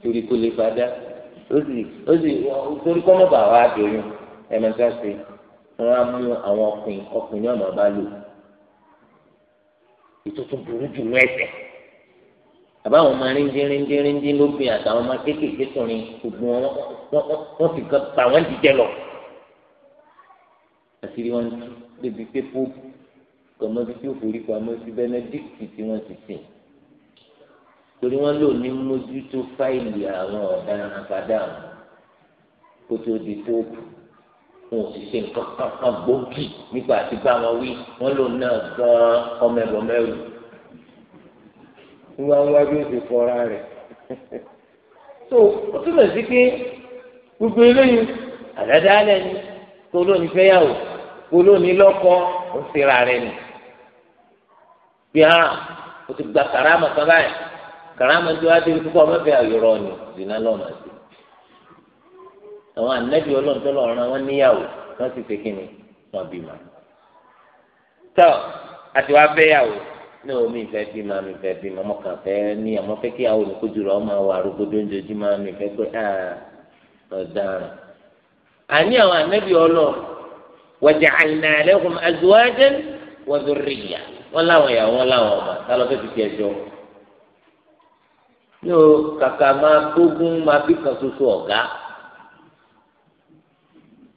S1: torí kó lè fadá ó sì ó sì torí kọ́ mọ̀bà wa doyún ẹ̀mẹ́ta sí wọ́n á mú àwọn ọkùnrin ọkùnrin ọ̀nà bá lò ìtútù burú jù mú ẹsẹ̀ àbáwọn ọmọ ríndínríndínríndín lóbìn àtàwọn ọmọ kéékèèké tọrin gbogbo wọn wọn fi kan pa wọn dìjẹ lọ àṣírí wọn débi pé pópù kọmọbí tí ó forí pamọ́ sí bẹnẹdíkìtì tí wọn ti sìn torí wọn lò ní mójútó fáìlì àwọn ọ̀daràn padà kó tó di tóòpù wọn ò sì ṣe nǹkan kankan gbòógì nípa àti bá wọn wí wọn lò náà gan ọmọ ẹ̀rọ mẹ́rù wọn wá bí ó ti fọra rẹ̀ tó o túmọ̀ sí pé gbogbo eléyìí àdáda lẹ́ni kó lóni fẹ́yàwó kó lóni lọ́kọ ó ń sera rẹ̀ nì bí hàn ah, o ti gba kàrá mọ̀ kan karama tí wàá débi púpọ̀ mẹ́fẹ́ àyọ̀rọ̀ ni zina lọ́mọ sí àwọn anabi ọlọ́ọ̀tọ́lọ́ ọ̀ràn wọn níyàwó wọn sì ṣe kíni wọn bímọ. tọ́ àti wàá fẹ́yàwó ní omi ìfẹ́ bímọ mi fẹ́ bímọ ọmọ kan fẹ́ ní àmọ́ fẹ́ kí àwọn olùkójú rẹ̀ ọmọ wa arúgbódó ń jojúmọ́ mi fẹ́ pé ah, ọ̀daràn. àní àwọn anabi ọlọ́ waja'alna lahum azwajan wa dhurriyya wọn láwọn ìyàwó wọn láwọn ọmọ yóò kàkà máa gbógun máa bí kan ṣoṣo ọ̀gá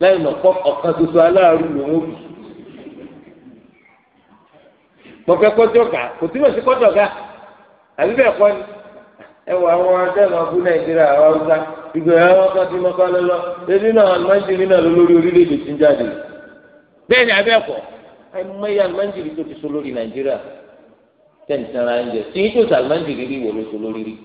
S1: lẹ́yìn náà kọ́ ọ̀kan ṣoṣo aláàrú lòún bì mọ̀fẹ́ kọ́tí ọ̀gá kò tí mo sì kọ́tí ọ̀gá àbí bẹ́ẹ̀ kọ́ ni ẹ wọ àwọn adẹ́nu ọ̀bú nàìjíríà àwọn haúsá ìgbéyàwó àwọn kan ti mọ́kọ́ lọ́lọ́ ebi náà alùmájìrì náà lólórí orílẹ̀-èdè ti ń jáde bẹ́ẹ̀ ni abẹ́ ẹ̀kọ́ ẹ̀mọ́yé alùmájìrì tó ti so lórí nàìjíríà tẹ̀síńtàn ara ń jẹ tí tó sàlùmájìrì rí wò so lórí rí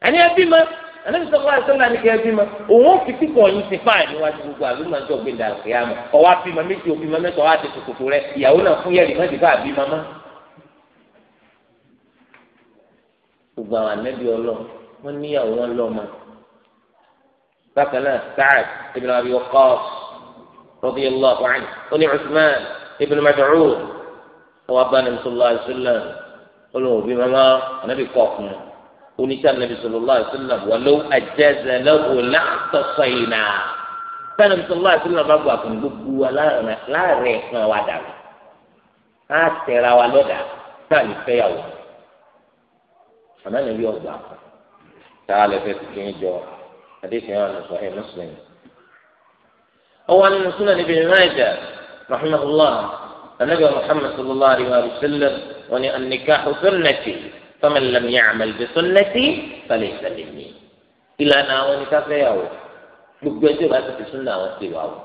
S1: ẹni ẹbí ma ẹni sọ fún àìsàn náà ní kí ẹbí ma òun ó fi kíkọ ọyìn sí fáà níwájú gbogbo àlùmọ̀ àti ọ̀gbìn dàgbé àmọ́ ọwọ́ àbí ma méjì òbí ma mẹ́tọ̀ wá ti kòkòtò rẹ ìyàwó náà fún yẹ̀rì mẹ́tì fáà bí mamá. gbogbo àwọn anẹ́bí ọlọ́run wọ́n níyàwó wọn lọ́mọ. bákan náà Sa'ad ibn Abi Waqqas radiyallahu anhu ó ní Uthman ibn Mas'ud ọwọ́ abánisọ́lá àìsàn náà ó lóun òbí mamá oníṣẹ́ nàbí sallallahu alaihi wasallam walau ajaza lahu la'tasayna fẹ́ẹ́ nàbí sallallahu alaihi wasallam bá gbà fún gbogbo wa láàrin ẹ̀kan wa dàrú á tẹ̀ra wa lọ́dà táà lè fẹ́ yàwó àmọ́ nàbí ọgbà táà lè fẹ́ tuntun jọ adéfì hàn ní sahih Muslim. ọwọ́ nínú súnà níbi ìrìnàjò rahmatulah anabi muhammad sallallahu alaihi wasallam wọn ni an-nikahu sunnati. faman lam ya'mal bi sunnati falaysa minni ìlànà àwọn ẹni ká fẹ́yàwó gbogbo ẹjọ́ ìbá ti fi súnà àwọn ti wà wò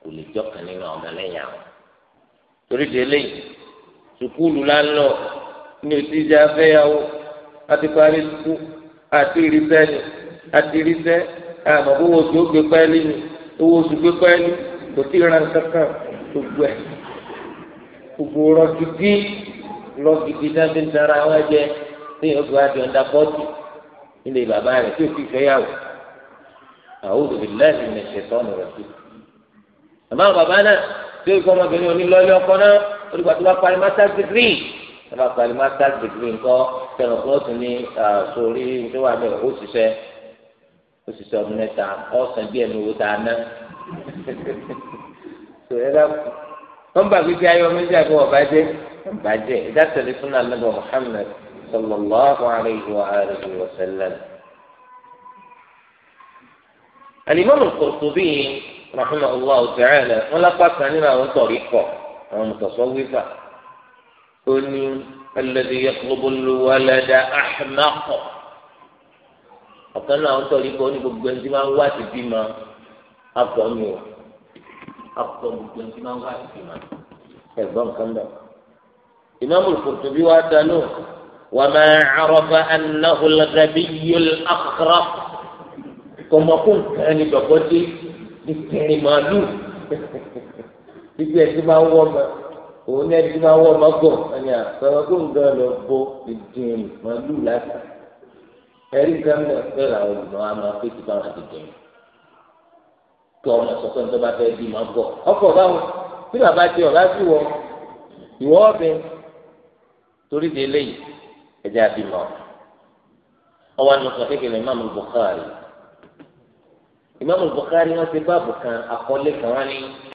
S1: kò lè jọ́kàn nínú àwọn ọmọlẹ́yìn àwọn torí di eléyìí sùkúlù lánàá ní òtí ìjà fẹ́yàwó àti parí sùkú àti ìrìsẹ́ ni àti ìrìsẹ́ àmọ́ owó oṣù ó gbé pẹ́ẹ́lí ni owó oṣù gbé pẹ́ẹ́lí kò tí ì ran kankan gbogbo ẹ̀ gbogbo rọ́ọ̀kì lọ gidi náà fi ń tara wọn jẹ téèyàn fi wá di ọ̀dà pọ́ọ̀tì nílé bàbá rẹ̀ tí òfin fẹ́yàwó àwòrán ìlẹ́yìn ní ṣètọ́nù rẹ̀ sí. àmọ́ bàbá náà tí ó kọ́ ọmọbìnrin onílọ́ọ̀lì ọkọ náà olùgbà tó bá parí masters degree tó bá parí masters degree ńkọ́ tẹ̀lọ̀ pọ́ọ̀tù ní sórí tó wà bẹ́ẹ̀ ó ṣiṣẹ́ ó ṣiṣẹ́ ọdún mẹ́ta ọ̀sán díẹ̀ ní owó tá a ná tó ẹ dá nọ́mbà gbígbé ayọ̀ bàjẹ́ ìdásẹ̀lé súnà nàbẹ̀ Muhammad sallallahu alayhi wa alihi wa sallam. الإمام القرطبي رحمه الله تعالى ولقد سمعنا طريقة متصوفة أني الذي يطلب الولد أحمق ọ̀kan náà ń tọ́lé kó ní gbogbo ẹni tí máa ń wá ti bí ma akọ mi o akọ gbogbo ẹni tí máa ń wá ti bí ma ẹ̀gbọ́n kan bẹ́ẹ̀. ìmáàmù Qurtubi wa dáná wà máa àròfà annahu al-ghabiyyul akhraf kọmọkùn kan ní dọ̀gọ́dé ní kẹrin màálù ibi ẹtí máa ń wọ ọmọ òun ní ẹtí máa ń wọ ọmọ gọ ẹni àtọwọgbọn gan lọ bọ ìdìrín màálù láti ẹrí gánà fẹ́ làwọn olùmọ̀ á máa fẹ́ ti bá wọn dìdìrín kí ọmọ sọpẹ́ ní tó bá fẹ́ bí máa gọ ọkọ̀ báwo bí bàbá tí ọ̀gá sí wọ ìwọ ọbẹ̀ torí di eléyìí ẹjẹ àbímọ ọwọ àná sọ kékeré Imam Bukhari Imam Bukhari wọn ti bá àbùkàn àkọlé kan wọn ní.